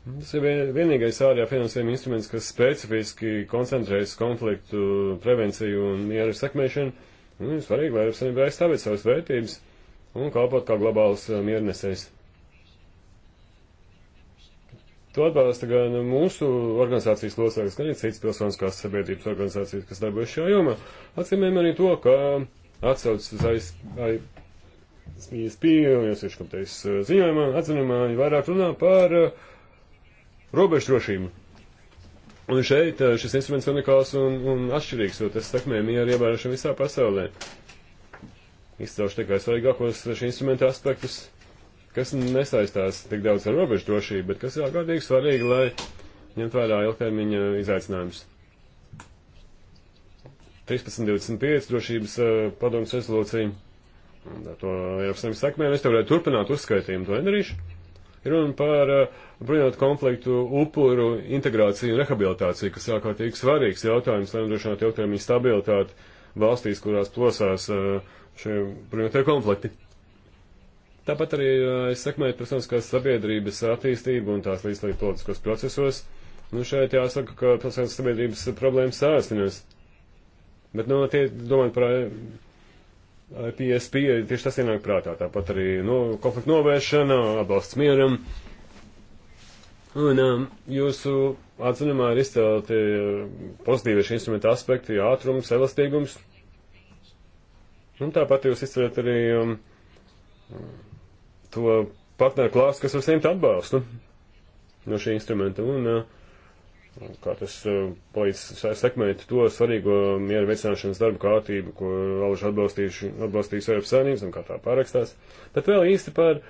Tas ir vienīgais ārējā finansējuma instruments, kas specifiski koncentrējas konfliktu prevenciju un mieru sekmēšanu. Un ir svarīgi, lai Eiropas Savienība aizstāvētu savas vērtības un kalpot kā globāls uh, miernesējs. To atbalsta gan mūsu organizācijas loceklis, gan arī citas pilsoniskās sabiedrības organizācijas, kas darbojas šajā jomā. Atcīmējam arī to, ka atsaucas uz aiz, aiz, aiz pieejas, viņš komitejas uh, ziņojumā, atzinumā, ja vairāk runā par uh, robežu drošību. Un šeit uh, šis instruments ir unikāls un, un atšķirīgs, jo tas sakmē mieru ievērošana visā pasaulē. Izcelšu tikai svarīgākos šī instrumenta aspektus kas nesaistās tik daudz ar robežu drošību, bet kas ir ārkārtīgi svarīgi, lai ņemt vērā ilgtermiņa izaicinājumus. 13.25 drošības eh, padomas rezolūcija. To Eiropas Savienības sakmē es te varētu turpināt uzskaitījumu, to nedarīšu. Ir runa par eh, bruņotu konfliktu upuru integrāciju un rehabilitāciju, kas ārkārtīgi svarīgs jautājums, lai nodrošinātu ilgtermiņa stabilitāti valstīs, kurās plosās eh, šie bruņotie konflikti. Tāpat arī es sekmēju pilsoniskās sabiedrības attīstību un tās līdzlīdz politiskos procesos. Nu, šeit jāsaka, ka pilsoniskās sabiedrības problēmas sāstinās. Bet, nu, tie domājot par IPSP, tieši tas ienāk prātā. Tāpat arī no, nu, konfliktu novēršana, atbalsts mieram. Un um, jūsu atzinumā ir izcelti pozitīvi šī instrumenta aspekti, ātrums, elastīgums. Un tāpat jūs izcelat arī um, to partneru klāstu, kas var saņemt atbalstu no šī instrumenta. Un, uh, un kā tas uh, palīdz sekmēt to svarīgo miera veicināšanas darbu kārtību, ko valži atbalstīs Eiropas saimnības un kā tā pārakstās. Bet vēl īsti par,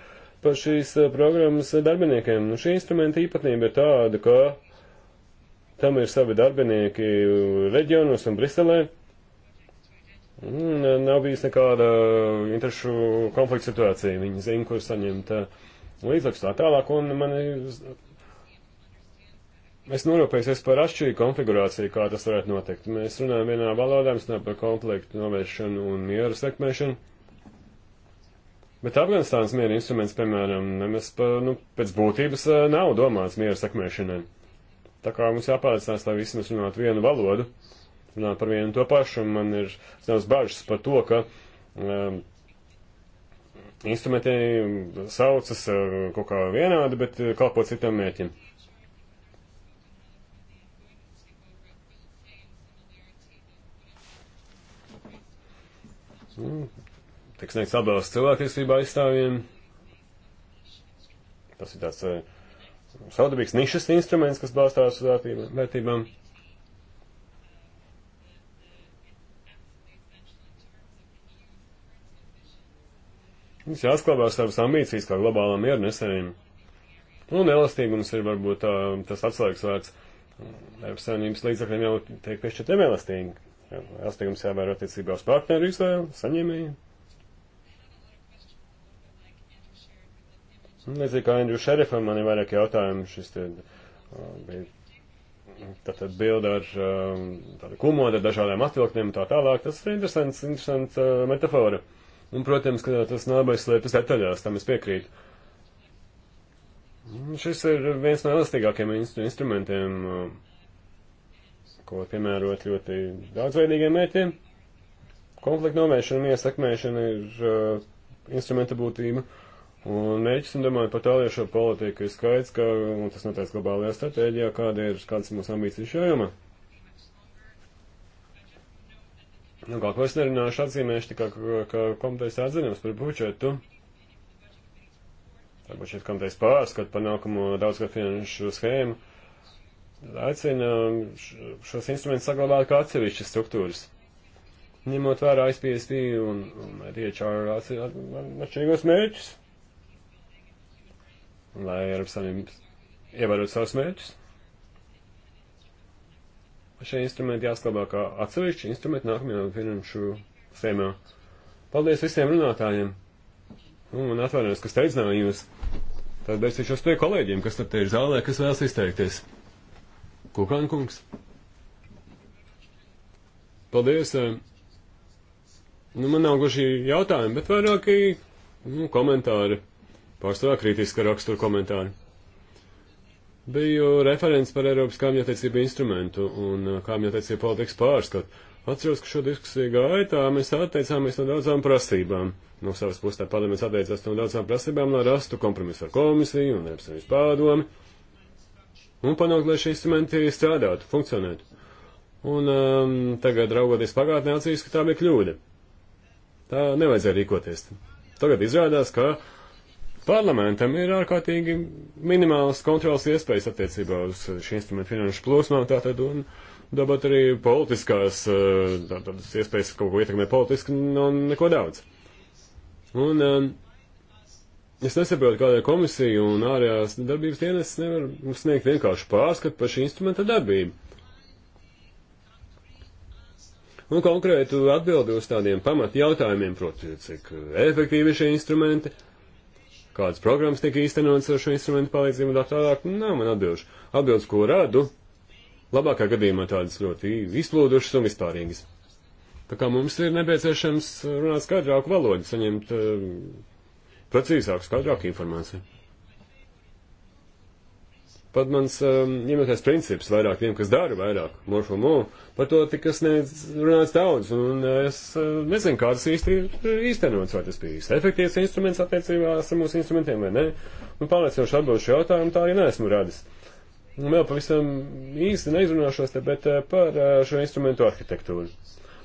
par šīs uh, programmas darbiniekiem. Nu, šī instrumenta īpatnība ir tāda, ka tam ir savi darbinieki reģionos un Briselē Un nav bijis nekāda interešu konflikta situācija. Viņi zina, kur saņemt eh, līdzekļus tā tālāk. Un man es norūpējusies par atšķirīgu konfigurāciju, kā tas varētu notikt. Mēs runājam vienā valodā, mēs runājam par konfliktu novēršanu un mieru sekmēšanu. Bet Afganistānas miera instruments, piemēram, nemaz nu, pēc būtības eh, nav domāts miera sekmēšanai. Tā kā mums jāpārliecinās, lai visi mēs runātu vienu valodu runāt par vienu un to pašu, un man ir zināmas bažas par to, ka um, instrumenti saucas uh, kaut kā vienādi, bet uh, kalpo citam mērķim. Mm, nu, tiks sniegts atbalsts cilvēktiesību aizstāvjiem. Tas ir tāds uh, saudabīgs nišas instruments, kas balstās uz vērtībām. vērtībām. Mums jāsklabā savas ambīcijas kā globālam mieru neseniem. Un elastīgums ir varbūt tā, tas atslēgas vārds. Eiropas Savienības līdzakļiem jau tiek piešķirt nevēlastīgi. Elastīgums jāvēro attiecībā uz partneru izvēlu, saņēmēju. Līdzīgi kā Andrew Šerifam, man ir vairāk jautājumu. Šis te bija tātad bilde ar tādu kumodu, ar dažādām atvilknēm un tā tālāk. Tas ir interesants, interesants metafora. Uh, Un, protams, ka tas nav aizslēpjas detaļās, tam es piekrītu. Šis ir viens no elastīgākiem instrumentiem, uh, ko piemērot ļoti daudzveidīgiem mērķiem. Konflikta novēršana un iesakmēšana ir uh, instrumenta būtība. Un mērķis, un domāju, par tāliešo politiku ir skaidrs, ka, un tas noteikti globālajā stratēģijā, kāda ir, kādas mūsu ambīcijas šajā jomā. Nu, kaut ko es nerunāšu, atzīmēšu tikai, ka, ka komitejas atzinums par budžetu. Varbūt šeit komitejas pārskat par nākamo daudzgad finanšu schēmu. Aicina šos instrumentus saglabāt kā atsevišķas struktūras. Ņemot vērā ISPSP un, un DHR atšķirīgos mērķus. Lai Eiropas Savienības ievērot savus mērķus šie instrumenti jāsklabā kā atsevišķi instrumenti nākamajā finanšu sēmā. Paldies visiem runātājiem! Nu, un atvainojos, kas teidzināju jūs. Tad vērsīšos pie kolēģiem, kas tad te ir zālē, kas vēlas izteikties. Kukāna kungs. Paldies. Eh, nu, man nav guši jautājumi, bet vairāki nu, komentāri. Pārstāvā kritiska rakstura komentāri biju referents par Eiropas kāmjātiecību instrumentu un uh, kāmjātiecību politikas pārskatu. Atceros, ka šo diskusiju gaitā mēs atteicāmies no daudzām prasībām. No savas puses tāpat mēs atteicāmies no daudzām prasībām, lai rastu kompromisu ar komisiju un neapsevis pārdomi. Un panākt, lai šie instrumenti strādātu, funkcionētu. Un um, tagad, raugoties pagātnē, acīs, ka tā bija kļūda. Tā nevajadzēja rīkoties. Tagad izrādās, ka Parlamentam ir ārkārtīgi minimālas kontrolas iespējas attiecībā uz šī instrumenta finanšu plūsmām, tātad un dabūt arī politiskās, eh, tādas iespējas kaut ko ietekmē politiski nav nu, neko daudz. Un um, es nesaprotu, kādēļ komisija un ārējās darbības dienas nevar mums sniegt vienkārši pārskatu par šī instrumenta darbību. Un konkrētu atbildi uz tādiem pamat jautājumiem, proti, cik efektīvi šie instrumenti ir kādas programmas tiek īstenotas ar šo instrumentu palīdzību un tā tālāk. Nu, nav man atbilžu. Atbildes, ko rādu, labākā gadījumā tādas ļoti izplūdušas un vispārīgas. Tā kā mums ir nepieciešams runāt skaidrāku valodu, saņemt uh, precīzāku, skaidrāku informāciju. Pat mans um, iemīļotais princips - vairāk tiem, kas dara vairāk, more for more, par to tika sniedz runāts daudz, un es uh, nezinu, kā tas īsti ir īstenots, vai tas bija efektīvs instruments attiecībās ar mūsu instrumentiem vai nē, un pārliecinoši atbildu šo jautājumu tā arī neesmu radis. Un vēl pavisam īsti neizrunāšos te, bet uh, par uh, šo instrumentu arhitektūru.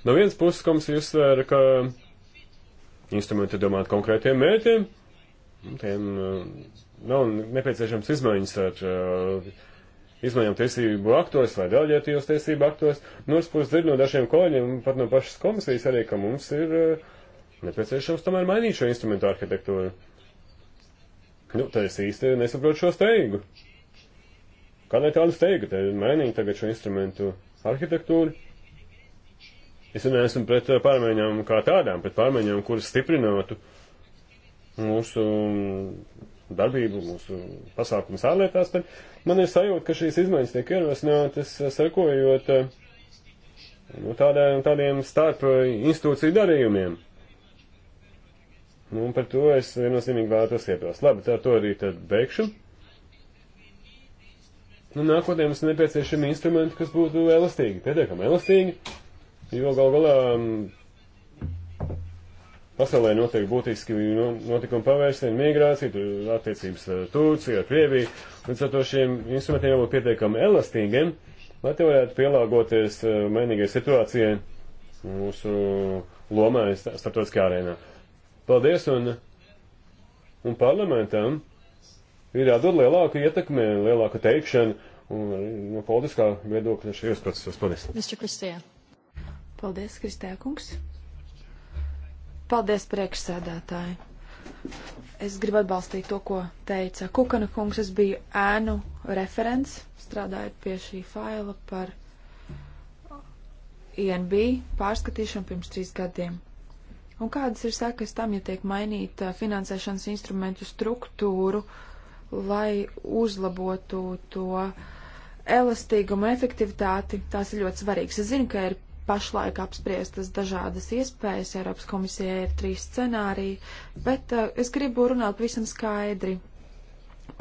No vienas puses komisija uzsver, ka instrumenti domāt konkrētiem mērķiem, tiem uh, nav nepieciešams izmaiņas ar uh, izmaiņām tiesību aktos vai daļietajos tiesību aktos. No otras puses dzird no dažiem kolēģiem, pat no pašas komisijas arī, ka mums ir uh, nepieciešams tomēr mainīt šo instrumentu arhitektūru. Nu, tad es īsti nesaprotu šo steigu. Kādai tādu steigu? Te mainīt tagad šo instrumentu arhitektūru. Es neesmu pret uh, pārmaiņām kā tādām, pret pārmaiņām, kuras stiprinātu mūsu darbību, mūsu pasākumus ārlietās, bet man ir sajūta, ka šīs izmaiņas tiek ierosinātas eh, sekojot eh, nu, tādā, tādiem starp eh, institūciju darījumiem. Nu, un par to es viennozīmīgi vēlētos iebilst. Labi, tā to arī tad beigšu. Nu, nākotnē mums nepieciešami instrumenti, kas būtu elastīgi, pietiekami elastīgi, jo gal galā mm, Pasaulē notiek būtiski notikumi pavērsieni, migrācija, attiecības ar eh, Turciju, ar Krieviju, līdz ar to šiem instrumentiem jābūt pietiekami elastīgiem, lai tie varētu pielāgoties eh, mainīgai situācijai mūsu lomai starptautiskajā arēnā. Paldies un, un parlamentam ir jādod lielāka ietekme, lielāka teikšana un no politiskā viedokļa šajos procesos. Paldies. Paldies, Kristē kungs. Paldies, priekšsēdētāji. Es gribu atbalstīt to, ko teica Kukana kungs. Es biju ēnu referents, strādājot pie šī faila par INB pārskatīšanu pirms trīs gadiem. Un kādas ir sekas tam, ja tiek mainīta finansēšanas instrumentu struktūru, lai uzlabotu to elastīgumu, efektivitāti? Tās ir ļoti svarīgas. Es zinu, ka ir pašlaik apspriestas dažādas iespējas. Eiropas komisijai ir trīs scenāriji, bet uh, es gribu runāt visam skaidri.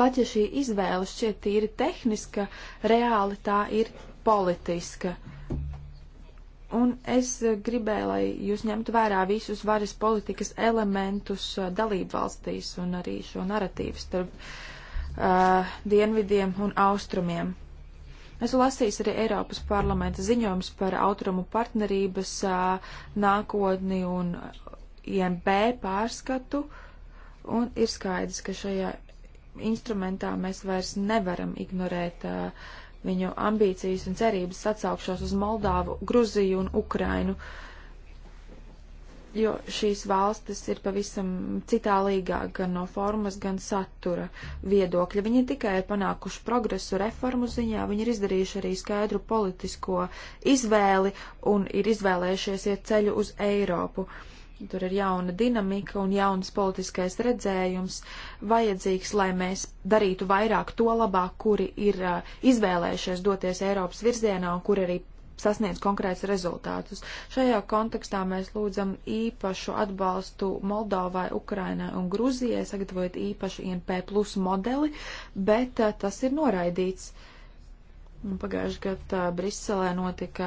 Pat ja šī izvēle šķiet tīri tehniska, reāli tā ir politiska. Un es gribēju, lai jūs ņemtu vērā visus varas politikas elementus uh, dalību valstīs un arī šo narratīvu starp uh, dienvidiem un austrumiem. Esmu lasījis arī Eiropas parlamenta ziņojums par autorumu partnerības nākotni un IMB pārskatu, un ir skaidrs, ka šajā instrumentā mēs vairs nevaram ignorēt viņu ambīcijas un cerības atsaukšos uz Moldāvu, Gruziju un Ukrainu. Uh, jo šīs valstis ir pavisam citā līgā, gan no formas, gan satura viedokļa. Viņi tikai ir panākuši progresu reformu ziņā, viņi ir izdarījuši arī skaidru politisko izvēli un ir izvēlējušies iet ceļu uz Eiropu. Tur ir jauna dinamika un jauns politiskais redzējums vajadzīgs, lai mēs darītu vairāk to labāk, kuri ir uh, izvēlējušies doties Eiropas virzienā un kuri arī sasniedz konkrēts rezultātus. Šajā kontekstā mēs lūdzam īpašu atbalstu Moldovai, Ukrainai un Gruzijai, sagatavojot īpašu INP plus modeli, bet eh, tas ir noraidīts. Uh, Nu, Pagājuši gadu Briselē notika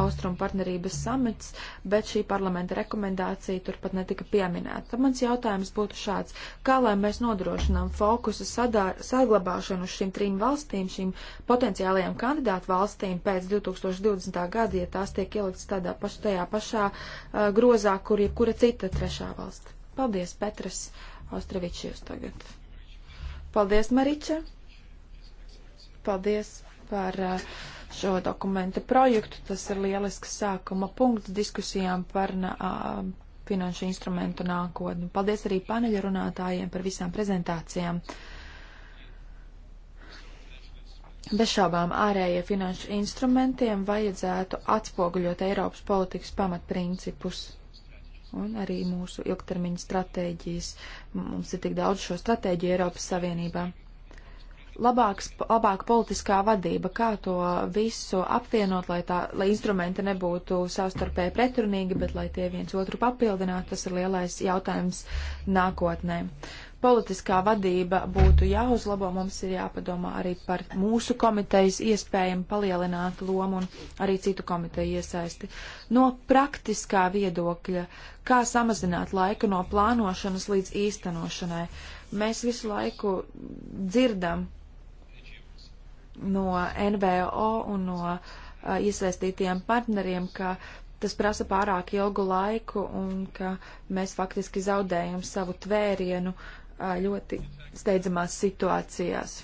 Austrum partnerības samits, bet šī parlamenta rekomendācija turpat netika pieminēta. Tad mans jautājums būtu šāds. Kā lai mēs nodrošinām fokusu sadār, saglabāšanu uz šīm trim valstīm, šīm potenciālajām kandidātu valstīm pēc 2020. gada, ja tās tiek ieliktas tādā paš, tajā pašā uh, grozā, kur jebkura cita trešā valsts? Paldies, Petras Austravičijus tagad. Paldies, Mariča. Paldies par eh, šo dokumenta projektu. Tas ir lielisks sākuma punkts diskusijām par finanšu instrumentu nākotni. Paldies arī paneļa runātājiem par visām prezentācijām. Bez šābām ārējie finanšu instrumentiem vajadzētu atspoguļot Eiropas politikas pamatprincipus un arī mūsu ilgtermiņa stratēģijas. Mums ir tik daudz šo stratēģiju Eiropas Savienībā labāks, labāka politiskā vadība, kā to visu apvienot, lai, tā, lai instrumenti nebūtu savstarpēji pretrunīgi, bet lai tie viens otru papildinātu, tas ir lielais jautājums nākotnē. Politiskā vadība būtu jāuzlabo, mums ir jāpadomā arī par mūsu komitejas iespējumu palielināt lomu un arī citu komiteju iesaisti. No praktiskā viedokļa, kā samazināt laiku no plānošanas līdz īstenošanai. Mēs visu laiku dzirdam no NVO un no uh, iesaistītiem partneriem, ka tas prasa pārāk ilgu laiku un ka mēs faktiski zaudējam savu tvērienu uh, ļoti steidzamās situācijās.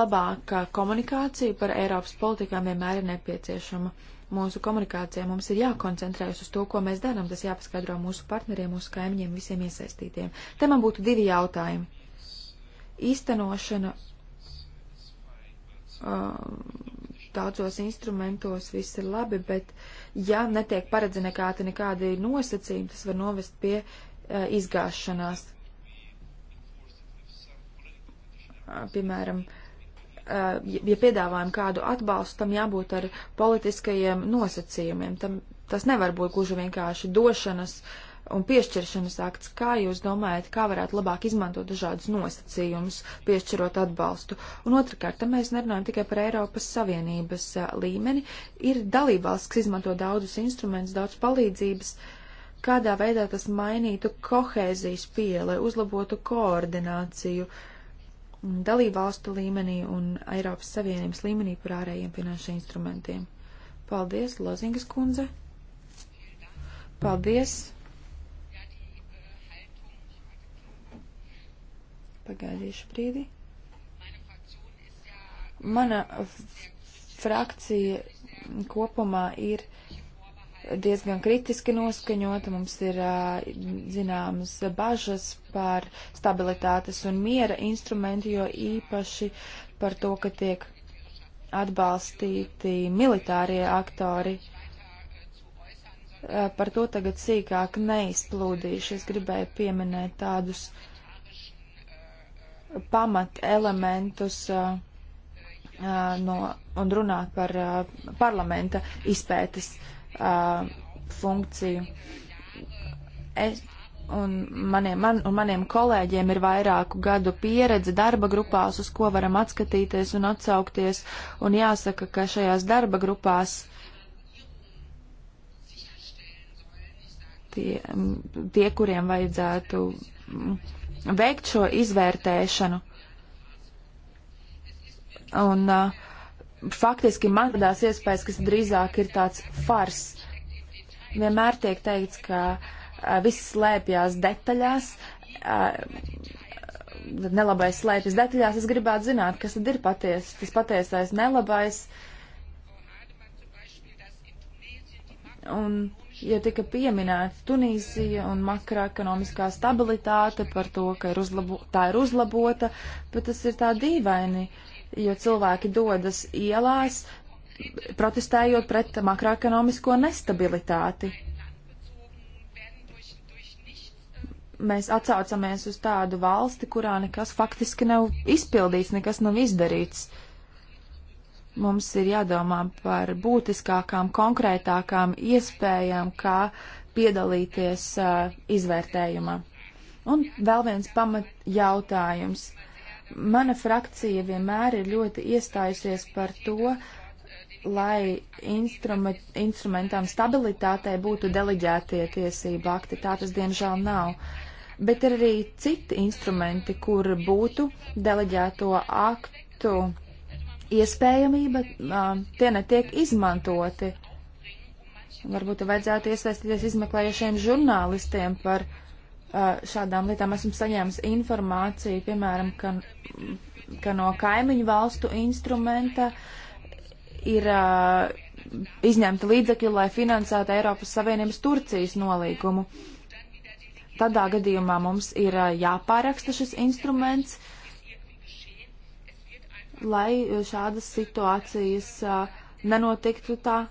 Labāka komunikācija par Eiropas politikām vienmēr ir nepieciešama. Uh, mūsu komunikācijā. Mums ir jākoncentrējas uz to, ko mēs darām. Tas jāpaskaidro mūsu partneriem, mūsu kaimiņiem, visiem iesaistītiem. Te man būtu divi jautājumi. Īstenošana daudzos instrumentos viss ir labi, bet ja netiek paredzināti nekādi nosacījumi, tas var novest pie izgāšanās. Piemēram, uh, Eh, ja piedāvājam kādu atbalstu, tam jābūt ar politiskajiem nosacījumiem. Tam, tas nevar būt gluži vienkārši došanas un piešķiršanas akts. Kā jūs domājat, kā varētu labāk izmantot dažādus nosacījumus, piešķirot atbalstu? Un otrkārt, tam mēs nerunājam tikai par Eiropas Savienības eh, līmeni. Ir dalībvalsts, kas izmanto daudzus instrumentus, daudz palīdzības. Kādā veidā tas mainītu kohēzijas pieeja, lai uzlabotu koordināciju uh, dalībvalstu līmenī un Eiropas Savienības līmenī par ārējiem finanšu instrumentiem. Paldies, Lozingas kundze. Paldies. Pagaidīšu brīdi. Mana frakcija kopumā ir diezgan kritiski noskaņota. Mums ir zināmas bažas par stabilitātes un miera instrumentu, jo īpaši par to, ka tiek atbalstīti militārie aktori. Par to tagad sīkāk neizplūdīšu. Es gribēju pieminēt tādus pamat elementus no, un runāt par parlamenta izpētes uh, uh, funkciju. Es, un, maniem, man, un maniem kolēģiem ir vairāku gadu pieredze darba grupās, uz ko varam atskatīties un atsaukties. Un jāsaka, ka šajās darba grupās tie, tie kuriem vajadzētu veikt šo izvērtēšanu, un uh, faktiski man radās iespējas, kas drīzāk ir tāds fars. Vienmēr tiek teikts, ka uh, viss slēpjas detaļās. Uh, Nelabais slēpjas detaļās. Es gribētu zināt, kas tad ir paties, tas patiesais nelabais. Un, ja tika pieminēta Tunīzija un makroekonomiskā stabilitāte par to, ka ir uzlabo, tā ir uzlabota, bet tas ir tā dīvaini. Uh, jo cilvēki dodas ielās, protestējot pret makroekonomisko nestabilitāti. Mēs atsaucamies uz tādu valsti, kurā nekas faktiski nav izpildīts, nekas nav izdarīts. Mums ir jādomā par būtiskākām, konkrētākām iespējām, kā piedalīties uh, izvērtējumā. Un vēl viens pamat jautājums. Uh, Mana frakcija vienmēr ir ļoti iestājusies par to, lai instrumentam stabilitātei būtu deleģētie tiesību akti. Tā tas diemžēl nav. Bet ir arī citi instrumenti, kur būtu deleģēto aktu iespējamība, tie netiek izmantoti. Varbūt vajadzētu iesaistīties izmeklējušiem žurnālistiem par uh, šādām lietām esmu saņēmis informāciju, piemēram, ka, ka no kaimiņu valstu instrumenta ir uh, izņemta līdzekļi, lai finansētu Eiropas Savienības Turcijas nolīgumu. Tādā gadījumā mums ir uh, jāpāraksta šis instruments, lai šādas situācijas uh, nenotiktu tā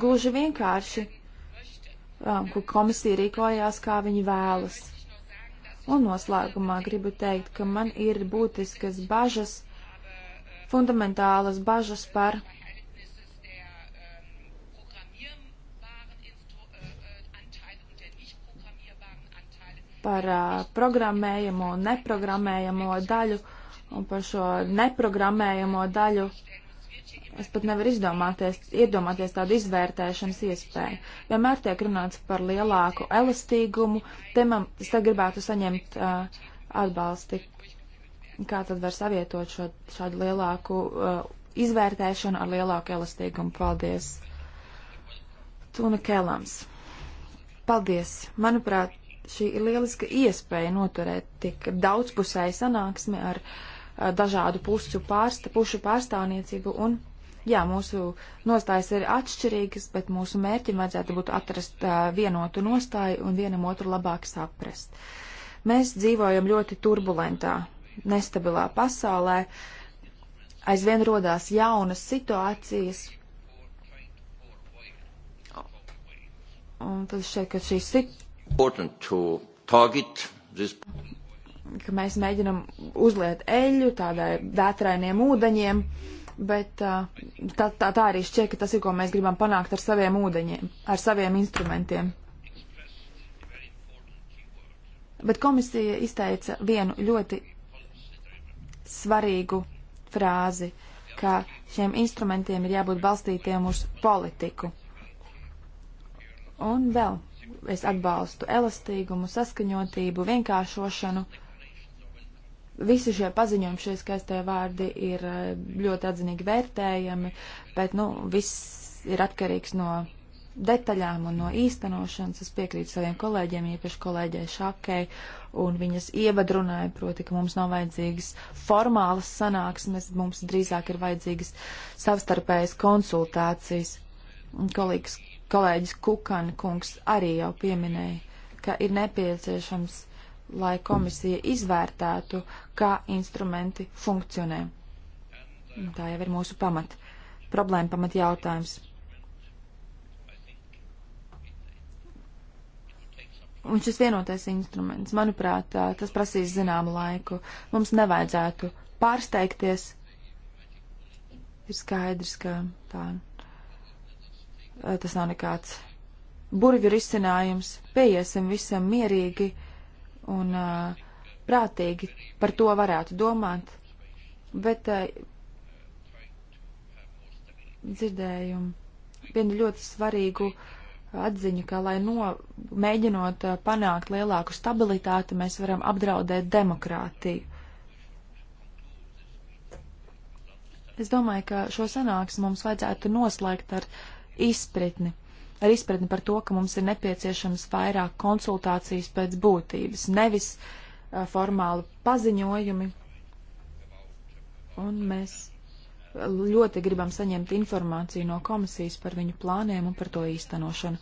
gluži vienkārši um, kur komisija rīkojās, kā viņi vēlas. Un noslēgumā gribu teikt, ka man ir būtiskas bažas, fundamentālas bažas par par uh, programmējamo un neprogrammējamo daļu un par šo neprogrammējamo daļu uh, Es pat nevaru izdomāties, iedomāties tādu izvērtēšanas iespēju. Vienmēr tiek runāts par lielāku elastīgumu, te man es te gribētu saņemt uh, atbalsti. Kā tad var savietot šo, šādu lielāku uh, izvērtēšanu ar lielāku elastīgumu? Paldies! Tuna Kelams. Paldies! Manuprāt, šī ir lieliska iespēja noturēt tik daudzpusēju sanāksmi ar uh, dažādu pušu pārstāvniecību un Jā, mūsu nostājas ir atšķirīgas, bet mūsu mērķim vajadzētu būt atrast uh, vienotu nostāju un vienam otru labāk saprast. Mēs dzīvojam ļoti turbulentā, nestabilā pasaulē, aizvien rodās jaunas situācijas. Un tad šeit, ka šī situācija ka mēs mēģinam uzliet eļļu tādai vētrainiem ūdeņiem, uh, bet tā, tā, tā arī šķiet, ka tas ir, ko mēs gribam panākt ar saviem ūdeņiem, ar saviem instrumentiem. Bet komisija izteica vienu ļoti svarīgu frāzi, ka šiem instrumentiem ir jābūt balstītiem uz politiku. Un vēl es atbalstu elastīgumu, saskaņotību, vienkāršošanu. Uh, Visi šie paziņojumi, šie skaistie vārdi ir eh, ļoti atzinīgi vērtējami, bet, nu, viss ir atkarīgs no detaļām un no īstenošanas. Es piekrītu saviem kolēģiem, īpaši kolēģei Šakei un viņas ievadrunai, proti, ka mums nav vajadzīgas formālas sanāksmes, mums drīzāk ir vajadzīgas savstarpējas konsultācijas. Kolīgs, kolēģis Kukan kungs arī jau pieminēja, ka ir nepieciešams lai komisija izvērtētu, kā instrumenti funkcionē. Nu, tā jau ir mūsu pamat problēma, pamat jautājums. Un šis vienotais instruments, manuprāt, tas prasīs zināmu laiku. Mums nevajadzētu pārsteigties. Ir skaidrs, ka tā, tas nav nekāds burvju risinājums. Pieiesim visam mierīgi un uh, prātīgi par to varētu domāt, bet uh, dzirdējumu vienu ļoti svarīgu atziņu, ka, lai no, mēģinot uh, panākt lielāku stabilitāti, mēs varam apdraudēt demokrātiju. Es domāju, ka šo sanāksmu mums vajadzētu noslēgt ar izpratni ar izpratni par to, ka mums ir nepieciešams vairāk konsultācijas pēc būtības, nevis uh, formāli paziņojumi. Un mēs ļoti gribam saņemt informāciju no komisijas par viņu plāniem un par to īstenošanu.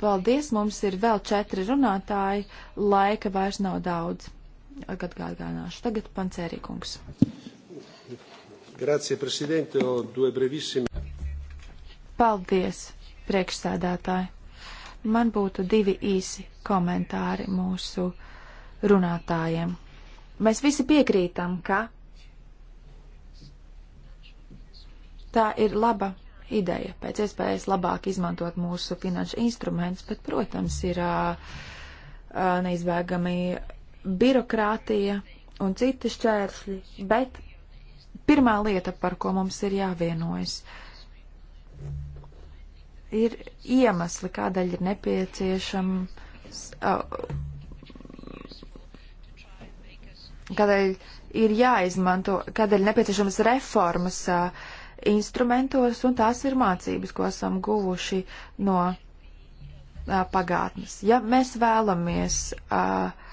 Paldies, mums ir vēl četri runātāji, laika vairs nav daudz. Tagad atgādināšu. Tagad pancērīkungs. Grazie, prezidente, o due brevissimi. Paldies priekšsēdētāji. Man būtu divi īsi komentāri mūsu runātājiem. Mēs visi piekrītam, ka tā ir laba ideja, pēc iespējas labāk izmantot mūsu finanšu instrumentus, bet, protams, ir neizbēgami birokrātija un citi šķēršļi, bet pirmā lieta, par ko mums ir jāvienojas, ir ir iemesli, kādēļ ir nepieciešams, kādēļ ir jāizmanto, kādēļ nepieciešams reformas instrumentos, un tās ir mācības, ko esam guvuši no pagātnes. Ja mēs vēlamies uh,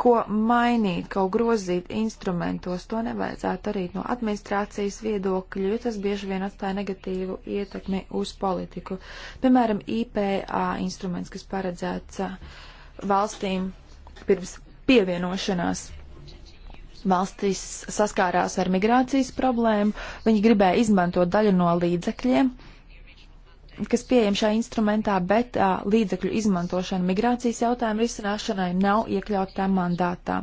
ko mainīt, kaut grozīt instrumentos. To nevajadzētu darīt no administrācijas viedokļa, jo tas bieži vien atstāja negatīvu ietekmi uz politiku. Piemēram, IPA instruments, kas paredzēts uh, valstīm pirms pievienošanās. Valstis saskārās ar migrācijas problēmu, viņi gribēja izmantot daļu no līdzekļiem, kas pieejam šajā instrumentā, bet uh, līdzekļu izmantošana migrācijas jautājumu risināšanai nav iekļautā mandātā.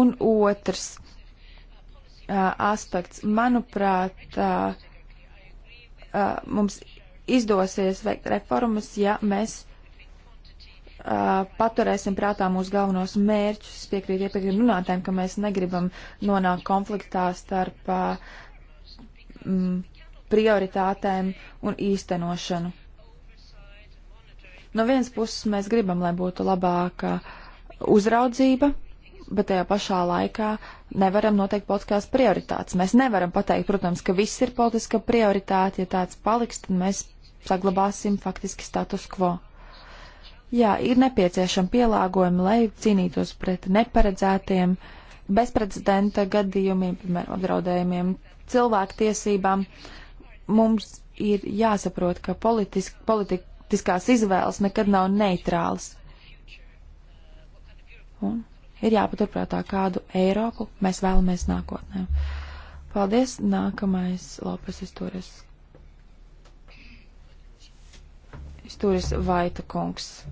Un otrs uh, aspekts, manuprāt, uh, uh, mums izdosies veikt reformas, ja mēs Uh, paturēsim prātā mūsu galvenos mērķus. Es piekrītu iepriekšējiem runātājiem, ka mēs negribam nonākt konfliktā starp uh, mm, prioritātēm un īstenošanu. No vienas puses mēs gribam, lai būtu labāka uzraudzība, bet tajā pašā laikā nevaram noteikt politiskās prioritātes. Mēs nevaram pateikt, protams, ka viss ir politiska prioritāte, ja tāds paliks, tad mēs saglabāsim faktiski status quo. Jā, ir nepieciešama pielāgojuma, lai cīnītos pret neparedzētiem, bezprecedenta gadījumiem, piemēram, apdraudējumiem cilvēktiesībām. Uh, mums ir jāsaprot, ka politisk, politiskās izvēles nekad nav neitrālas. Un ir jāpaturprātā, kādu Eiropu mēs vēlamies nākotnē. Paldies, nākamais Lopes Istūris. Istūris Vaita kungs.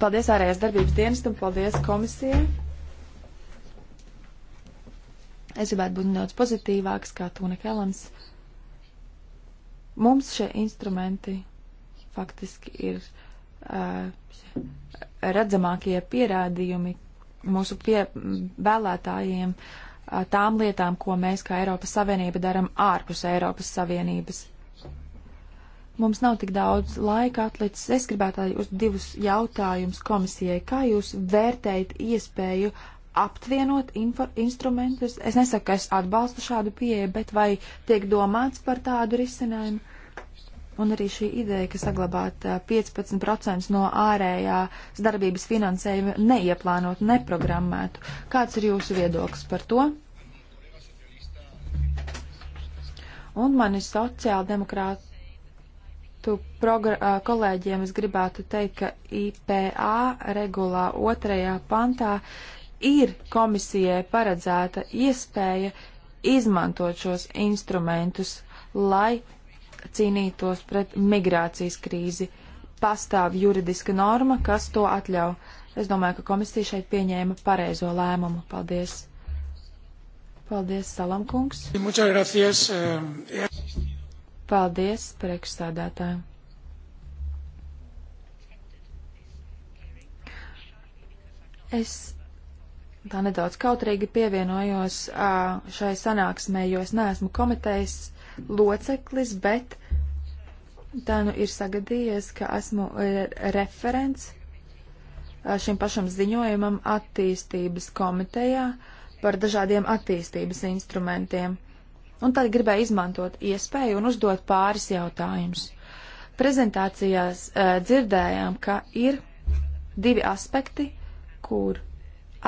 Paldies ārējās darbības dienestam, paldies komisijai. Es gribētu būt nedaudz pozitīvāks, kā Tūna Kelams. Mums šie instrumenti faktiski ir uh, redzamākie pierādījumi mūsu pie, vēlētājiem uh, tām lietām, ko mēs kā Eiropas Savienība daram ārpus Eiropas Savienības. Mums nav tik daudz laika atlicis. Es gribētu uz divus jautājumus komisijai. Kā jūs vērtējat iespēju aptvienot instrumentus. Es nesaku, ka es atbalstu šādu pieeju, bet vai tiek domāts par tādu risinājumu? Un arī šī ideja, ka saglabāt 15% no ārējās darbības finansējuma neieplānot, neprogrammētu. Kāds ir jūsu viedoklis par to? Un mani sociāldemokrātu kolēģiem es gribētu teikt, ka IPA regulā otrajā pantā uh, ir komisijai paredzēta iespēja izmantot šos instrumentus, lai cīnītos pret migrācijas krīzi. Pastāv juridiska norma, kas to atļauj. Es domāju, ka komisija šeit pieņēma pareizo lēmumu. Paldies! Paldies, Salamkungs! Eh, Paldies, priekšstādātājiem! Es tā nedaudz kautrīgi pievienojos šai sanāksmē, jo es neesmu komitejas loceklis, bet tā nu ir sagadījies, ka esmu e, referents šim pašam ziņojumam attīstības komitejā par dažādiem attīstības instrumentiem. Un tad gribēju izmantot iespēju un uzdot pāris jautājumus. Prezentācijās dzirdējām, ka ir divi aspekti, kur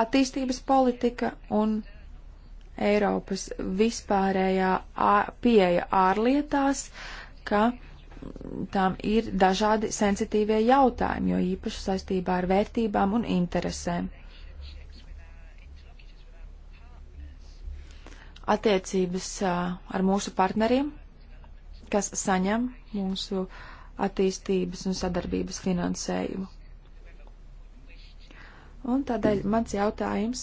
attīstības politika un Eiropas vispārējā pieeja ārlietās, ka tām ir dažādi sensitīvie jautājumi, jo īpaši saistībā ar vērtībām un interesēm. Attiecības ar mūsu partneriem, kas saņem mūsu attīstības un sadarbības finansējumu. Un tādēļ mans jautājums,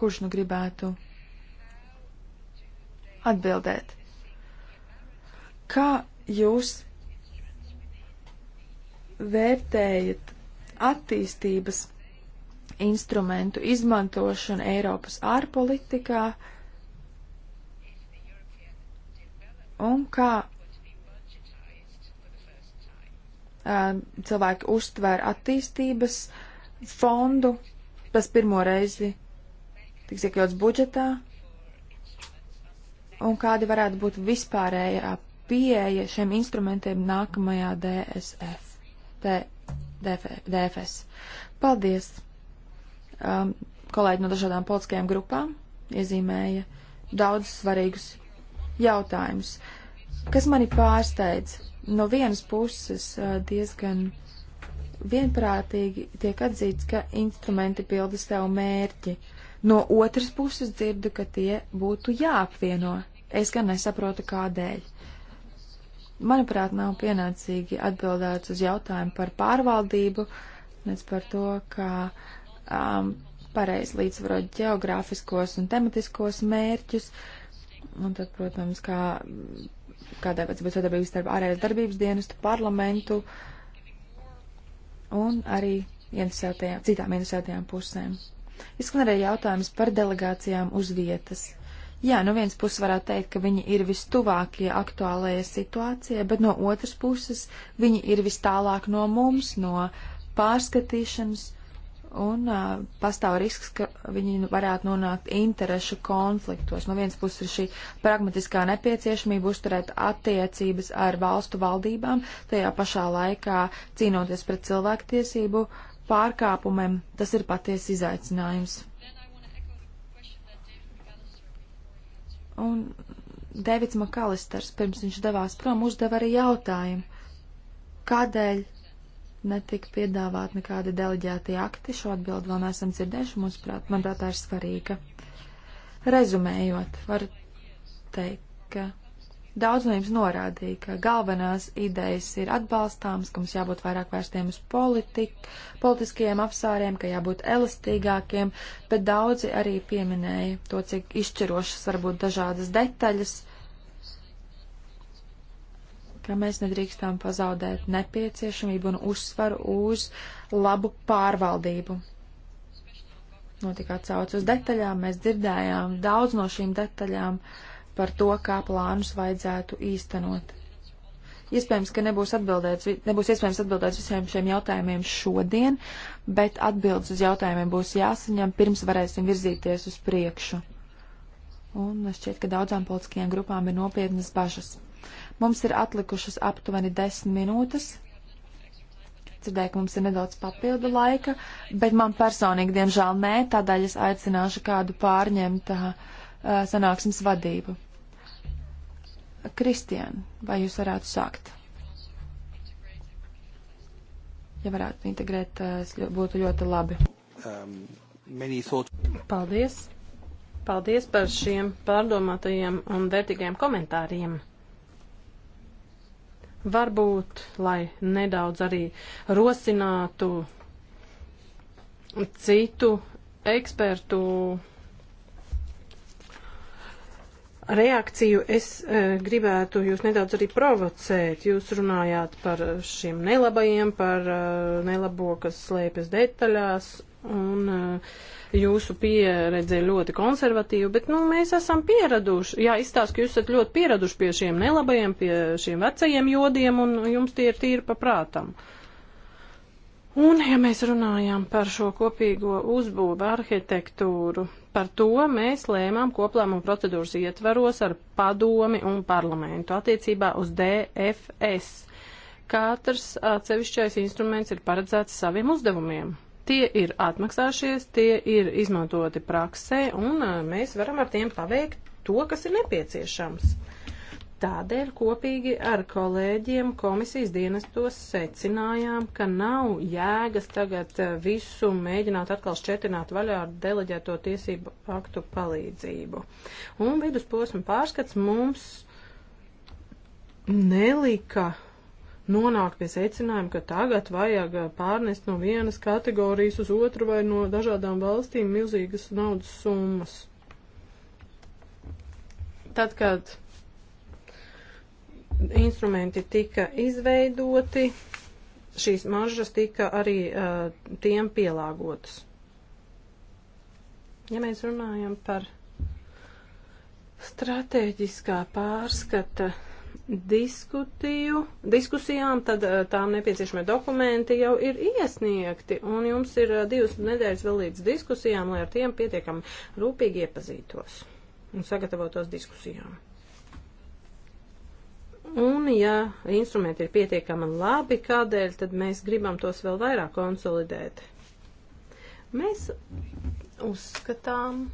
kurš nu gribētu atbildēt? Kā jūs vērtējat attīstības instrumentu izmantošanu Eiropas ārpolitikā un kā Um, cilvēki uztvēra attīstības fondu, tas pirmo reizi tiks iekļauts budžetā, un kādi varētu būt vispārējā pieeja šiem instrumentiem nākamajā DSF, D, DF, DFS. Paldies! Um, kolēģi no dažādām politiskajām grupām iezīmēja daudz svarīgus jautājumus. Kas mani pārsteidz? no vienas puses diezgan vienprātīgi tiek atzīts, ka instrumenti pilda sev mērķi. No otras puses dzirdu, ka tie būtu jāapvieno. Es gan nesaprotu, kādēļ. Manuprāt, nav pienācīgi atbildēts uz jautājumu par pārvaldību, nec par to, kā um, pareizi līdzvarot geogrāfiskos un tematiskos mērķus. Un tad, protams, kā kādā veidā būtu sadarbības starp ārējās darbības dienestu, parlamentu un arī interesētajām, citām interesētajām pusēm. Izskan arī jautājums par delegācijām uz vietas. Jā, no nu vienas puses varētu teikt, ka viņi ir vistuvākie aktuālajai situācijai, bet no otras puses viņi ir vistālāk no mums, no pārskatīšanas Un uh, pastāv risks, ka viņi varētu nonākt interešu konfliktos. No vienas puses ir šī pragmatiskā nepieciešamība uzturēt attiecības ar valstu valdībām, tajā pašā laikā cīnoties pret cilvēktiesību pārkāpumiem. Tas ir patiesi izaicinājums. Un Devits Makalisters, pirms viņš devās prom, uzdeva arī jautājumu, kādēļ netika piedāvāt nekādi deleģēti akti. Šo atbildi vēl neesam dzirdējuši, mums, prāt, manuprāt, tā ir svarīga. Rezumējot, var teikt, ka daudz no jums norādīja, ka galvenās idejas ir atbalstāmas, ka mums jābūt vairāk vērstiem uz politik, politiskajiem apsāriem, ka jābūt elastīgākiem, bet daudzi arī pieminēja to, cik izšķirošas varbūt dažādas detaļas ka mēs nedrīkstām pazaudēt nepieciešamību un uzsvaru uz labu pārvaldību. Notika atsauc uz detaļām, mēs dzirdējām daudz no šīm detaļām par to, kā plānus vajadzētu īstenot. Iespējams, ka nebūs, nebūs iespējams atbildēt visiem šiem jautājumiem šodien, bet atbildes uz jautājumiem būs jāsaņem, pirms varēsim virzīties uz priekšu. Un šķiet, ka daudzām politiskajām grupām ir nopietnas bažas. Mums ir atlikušas aptuveni desmit minūtes. Cirdēju, ka mums ir nedaudz papildu laika, bet man personīgi, diemžēl, nē, tādēļ es aicināšu kādu pārņemt uh, sanāksmes vadību. Kristian, vai jūs varētu sākt? Ja varētu integrēt, uh, būtu ļoti labi. Um, Paldies! Paldies par šiem pārdomātajiem un vērtīgiem komentāriem. Varbūt, lai nedaudz arī rosinātu citu ekspertu reakciju es e, gribētu jūs nedaudz arī provocēt. Jūs runājāt par šiem nelabajiem, par e, nelabo, kas slēpjas detaļās, un uh, jūsu pieredze ir ļoti konservatīva, bet nu, mēs esam pieraduši. Jā, izstāst, ka jūs esat ļoti pieraduši pie šiem nelabajiem, pie šiem vecajiem jodiem, un jums tie ir tīri paprātam. Un, ja mēs runājām par šo kopīgo uzbūvu arhitektūru, par to mēs lēmām koplēmumu procedūras ietvaros ar padomi un parlamentu attiecībā uz DFS. Katrs atsevišķais instruments ir paredzēts saviem uzdevumiem. Tie ir atmaksājušies, tie ir izmantoti praksē, un mēs varam ar tiem paveikt to, kas ir nepieciešams. Tādēļ kopīgi ar kolēģiem komisijas dienestos secinājām, ka nav jēgas tagad visu mēģināt atkal šķetināt vaļā ar deleģēto tiesību aktu palīdzību. Un vidusposma pārskats mums nelika nonākt pie secinājuma, ka tagad vajag uh, pārnest no vienas kategorijas uz otru vai no dažādām valstīm milzīgas naudas summas. Tad, kad instrumenti tika izveidoti, šīs maržas tika arī uh, tiem pielāgotas. Ja mēs runājam par stratēģiskā pārskata diskutiju, diskusijām, tad eh, tām nepieciešamie dokumenti jau ir iesniegti, un jums ir eh, divas nedēļas vēl līdz diskusijām, lai ar tiem pietiekami rūpīgi iepazītos un sagatavotos diskusijām. Un, ja instrumenti ir pietiekami labi, kādēļ, tad mēs gribam tos vēl vairāk konsolidēt. Mēs uzskatām,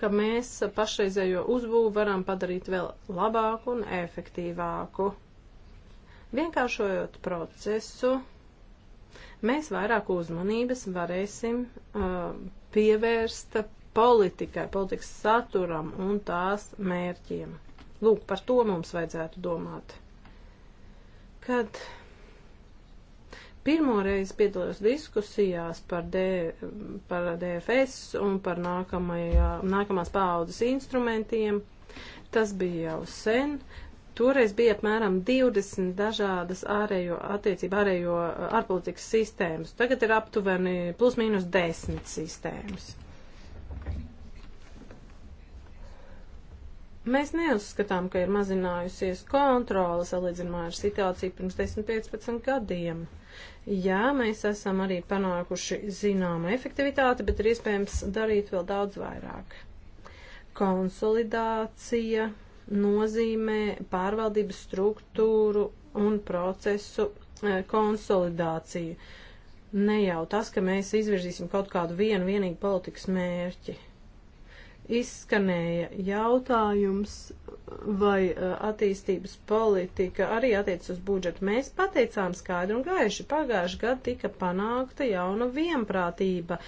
ka mēs pašreizējo uzbūvu varam padarīt vēl labāku un efektīvāku. Vienkāršojot procesu, mēs vairāk uzmanības varēsim uh, pievērst politikai, politikas saturam un tās mērķiem. Lūk, par to mums vajadzētu domāt. Kad Pirmo reizi piedalos diskusijās par, D, par DFS un par nākamajā, nākamās paaudzes instrumentiem. Tas bija jau sen. Toreiz bija apmēram 20 dažādas ārējo attiecību, ārējo ārpolitikas sistēmas. Tagad ir aptuveni plus mīnus 10 sistēmas. Mēs neuzskatām, ka ir mazinājusies kontrole salīdzinājumā ar situāciju pirms 10-15 gadiem. Uh, Jā, mēs esam arī panākuši zināmu efektivitāti, bet ir iespējams darīt vēl daudz vairāk. Konsolidācija nozīmē pārvaldības struktūru un procesu e, konsolidāciju. Ne jau tas, ka mēs izvirzīsim kaut kādu vienu vienīgu politikas mērķi izskanēja jautājums, vai uh, attīstības politika arī attiecas uz budžetu. Mēs pateicām skaidru un gaiši, pagājuši gadu tika panākta jauna vienprātība,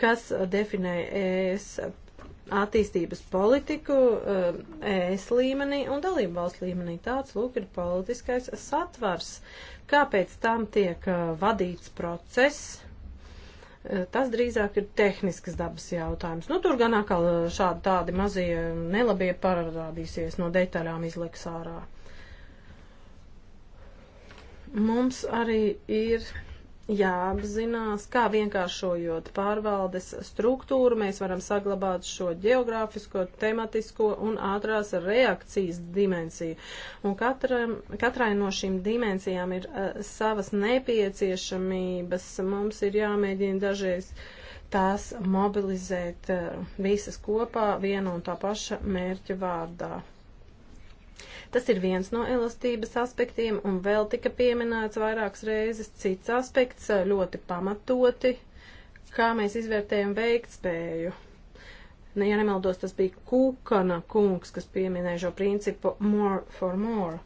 kas uh, definēja ES attīstības politiku uh, ES līmenī un dalību valsts līmenī. Tāds, lūk, ir politiskais satvars, kāpēc tam tiek vadīts process Eh, tas drīzāk ir tehniskas dabas jautājums. Nu, tur gan atkal eh, šādi tādi mazie nelabie parādīsies no detaļām izleks ārā. Mums arī ir jāapzinās, kā vienkāršojot pārvaldes struktūru, mēs varam saglabāt šo geogrāfisko, tematisko un ātrās reakcijas dimensiju. Un katram, katrai no šīm dimensijām ir uh, savas nepieciešamības. Mums ir jāmēģina dažreiz tās mobilizēt uh, visas kopā viena un tā paša mērķa vārdā. Tas ir viens no elastības aspektiem, un vēl tika pieminēts vairākas reizes cits aspekts ļoti pamatoti, kā mēs izvērtējam veiktspēju. Ne, ja nemaldos, tas bija Kūkana kungs, kas pieminēja šo principu more for more.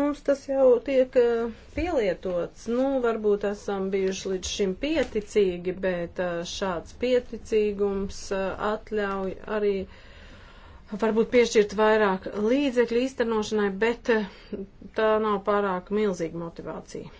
Mums tas jau tiek eh, pielietots. Nu, varbūt esam bijuši līdz šim pieticīgi, bet eh, šāds pieticīgums eh, atļauj arī uh, varbūt piešķirt vairāk līdzekļu īstenošanai, bet eh, tā nav pārāk milzīga motivācija.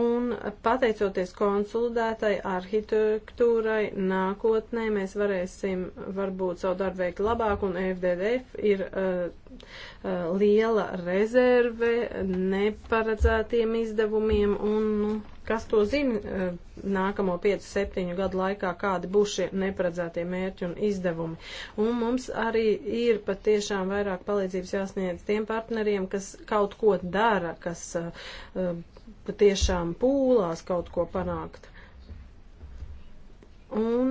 Un pateicoties konsolidētai arhitektūrai, nākotnē mēs varēsim varbūt savu darbu veikt labāk, un FDDF ir uh, uh, liela rezerve neparedzētiem izdevumiem, un nu, kas to zina uh, nākamo 5-7 gadu laikā, kādi būs šie neparedzētie mērķi un izdevumi. Un mums arī ir patiešām vairāk palīdzības jāsniedz tiem partneriem, kas kaut ko dara, kas. Uh, uh patiešām pūlās kaut ko panākt. Un,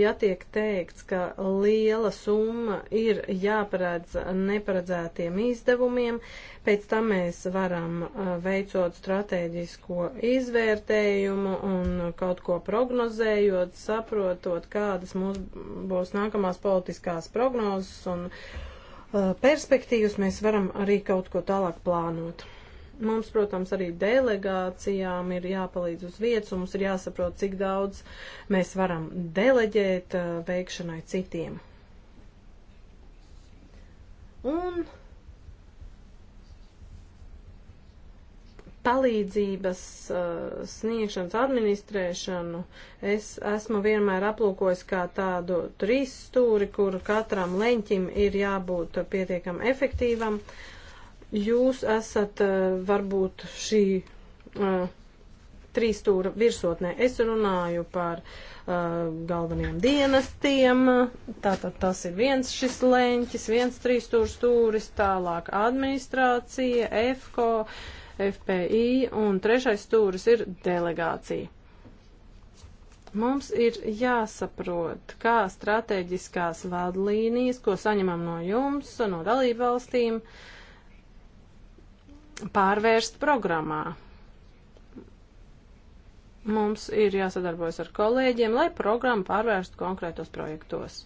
ja tiek teikts, ka liela summa ir jāparedz neparedzētiem izdevumiem, pēc tam mēs varam uh, veicot strateģisko izvērtējumu un kaut ko prognozējot, saprotot, kādas mums būs nākamās politiskās prognozes un uh, perspektīvas, mēs varam arī kaut ko tālāk plānot. Mums, protams, arī delegācijām ir jāpalīdz uz vietas, un mums ir jāsaprot, cik daudz mēs varam deleģēt uh, veikšanai citiem. Un palīdzības uh, sniegšanas administrēšanu es esmu vienmēr aplūkojis kā tādu trīs stūri, kur katram leņķim ir jābūt pietiekam efektīvam. Uh, Jūs esat eh, varbūt šī eh, trīsstūra virsotnē. Es runāju par uh, galvenajiem dienestiem, tātad tas ir viens šis leņķis, viens trīsstūra stūris, tālāk administrācija, EFKO, FPI un trešais stūris ir delegācija. Mums ir jāsaprot, kā strateģiskās vadlīnijas, ko saņemam no jums, no dalību valstīm, uh, pārvērst programmā. Mums ir jāsadarbojas ar kolēģiem, lai programmu pārvērstu konkrētos projektos.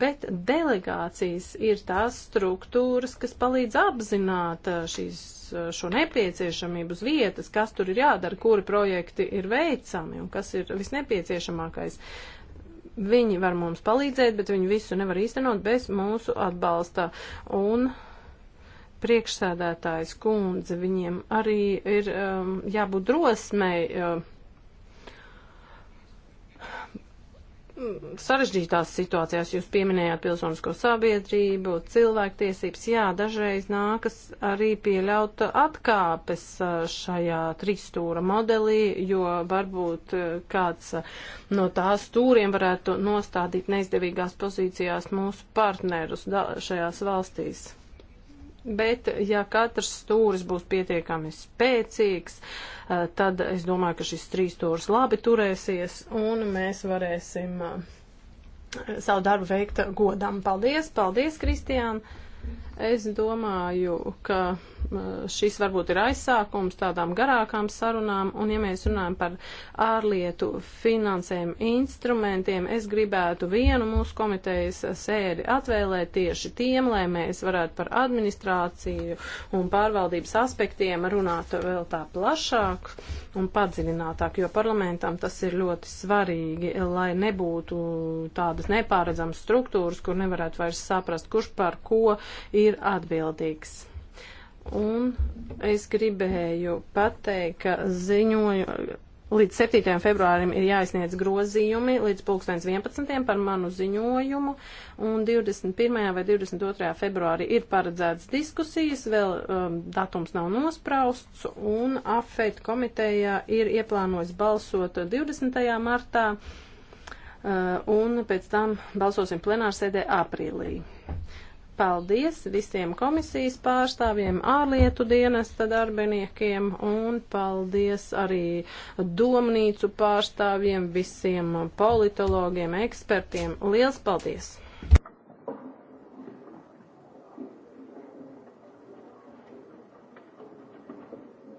Bet delegācijas ir tās struktūras, kas palīdz apzināt uh, šīs, uh, šo nepieciešamību uz vietas, kas tur ir jādara, kuri projekti ir veicami un kas ir visnepieciešamākais. Viņi var mums palīdzēt, bet viņi visu nevar īstenot bez mūsu atbalsta. Un uh, priekšsēdētājs kundze, viņiem arī ir um, jābūt drosmei um, sarežģītās situācijās. Jūs pieminējāt pilsonisko sabiedrību, cilvēktiesības. Jā, dažreiz nākas arī pieļaut atkāpes uh, šajā trīsstūra modelī, jo varbūt uh, kāds no tās stūriem varētu nostādīt neizdevīgās pozīcijās mūsu partnerus šajās valstīs. Bet, ja katrs stūris būs pietiekami spēcīgs, eh, tad es domāju, ka šis trīs stūris labi turēsies un mēs varēsim eh, savu darbu veikt godam. Paldies, paldies, Kristiāna! Es domāju, ka šis varbūt ir aizsākums tādām garākām sarunām, un ja mēs runājam par ārlietu finansējumu instrumentiem, es gribētu vienu mūsu komitejas sēdi atvēlēt tieši tiem, lai mēs varētu par administrāciju un pārvaldības aspektiem runāt vēl tā plašāk un padziļinātāk, jo parlamentam tas ir ļoti svarīgi, lai nebūtu tādas nepāredzamas struktūras, kur nevarētu vairs saprast, kurš par ko ir ir atbildīgs. Un es gribēju pateikt, ka ziņoju, līdz 7. februārim ir jāizsniedz grozījumi līdz 2011. par manu ziņojumu, un 21. vai 22. februārī ir paredzēts diskusijas, vēl um, datums nav nosprausts, un AFET komitejā ir ieplānojis balsot 20. martā, uh, un pēc tam balsosim plenārsēdē aprīlī. Paldies visiem komisijas pārstāvjiem, ārlietu dienesta darbiniekiem un paldies arī domnīcu pārstāvjiem, visiem politologiem, ekspertiem. Liels paldies!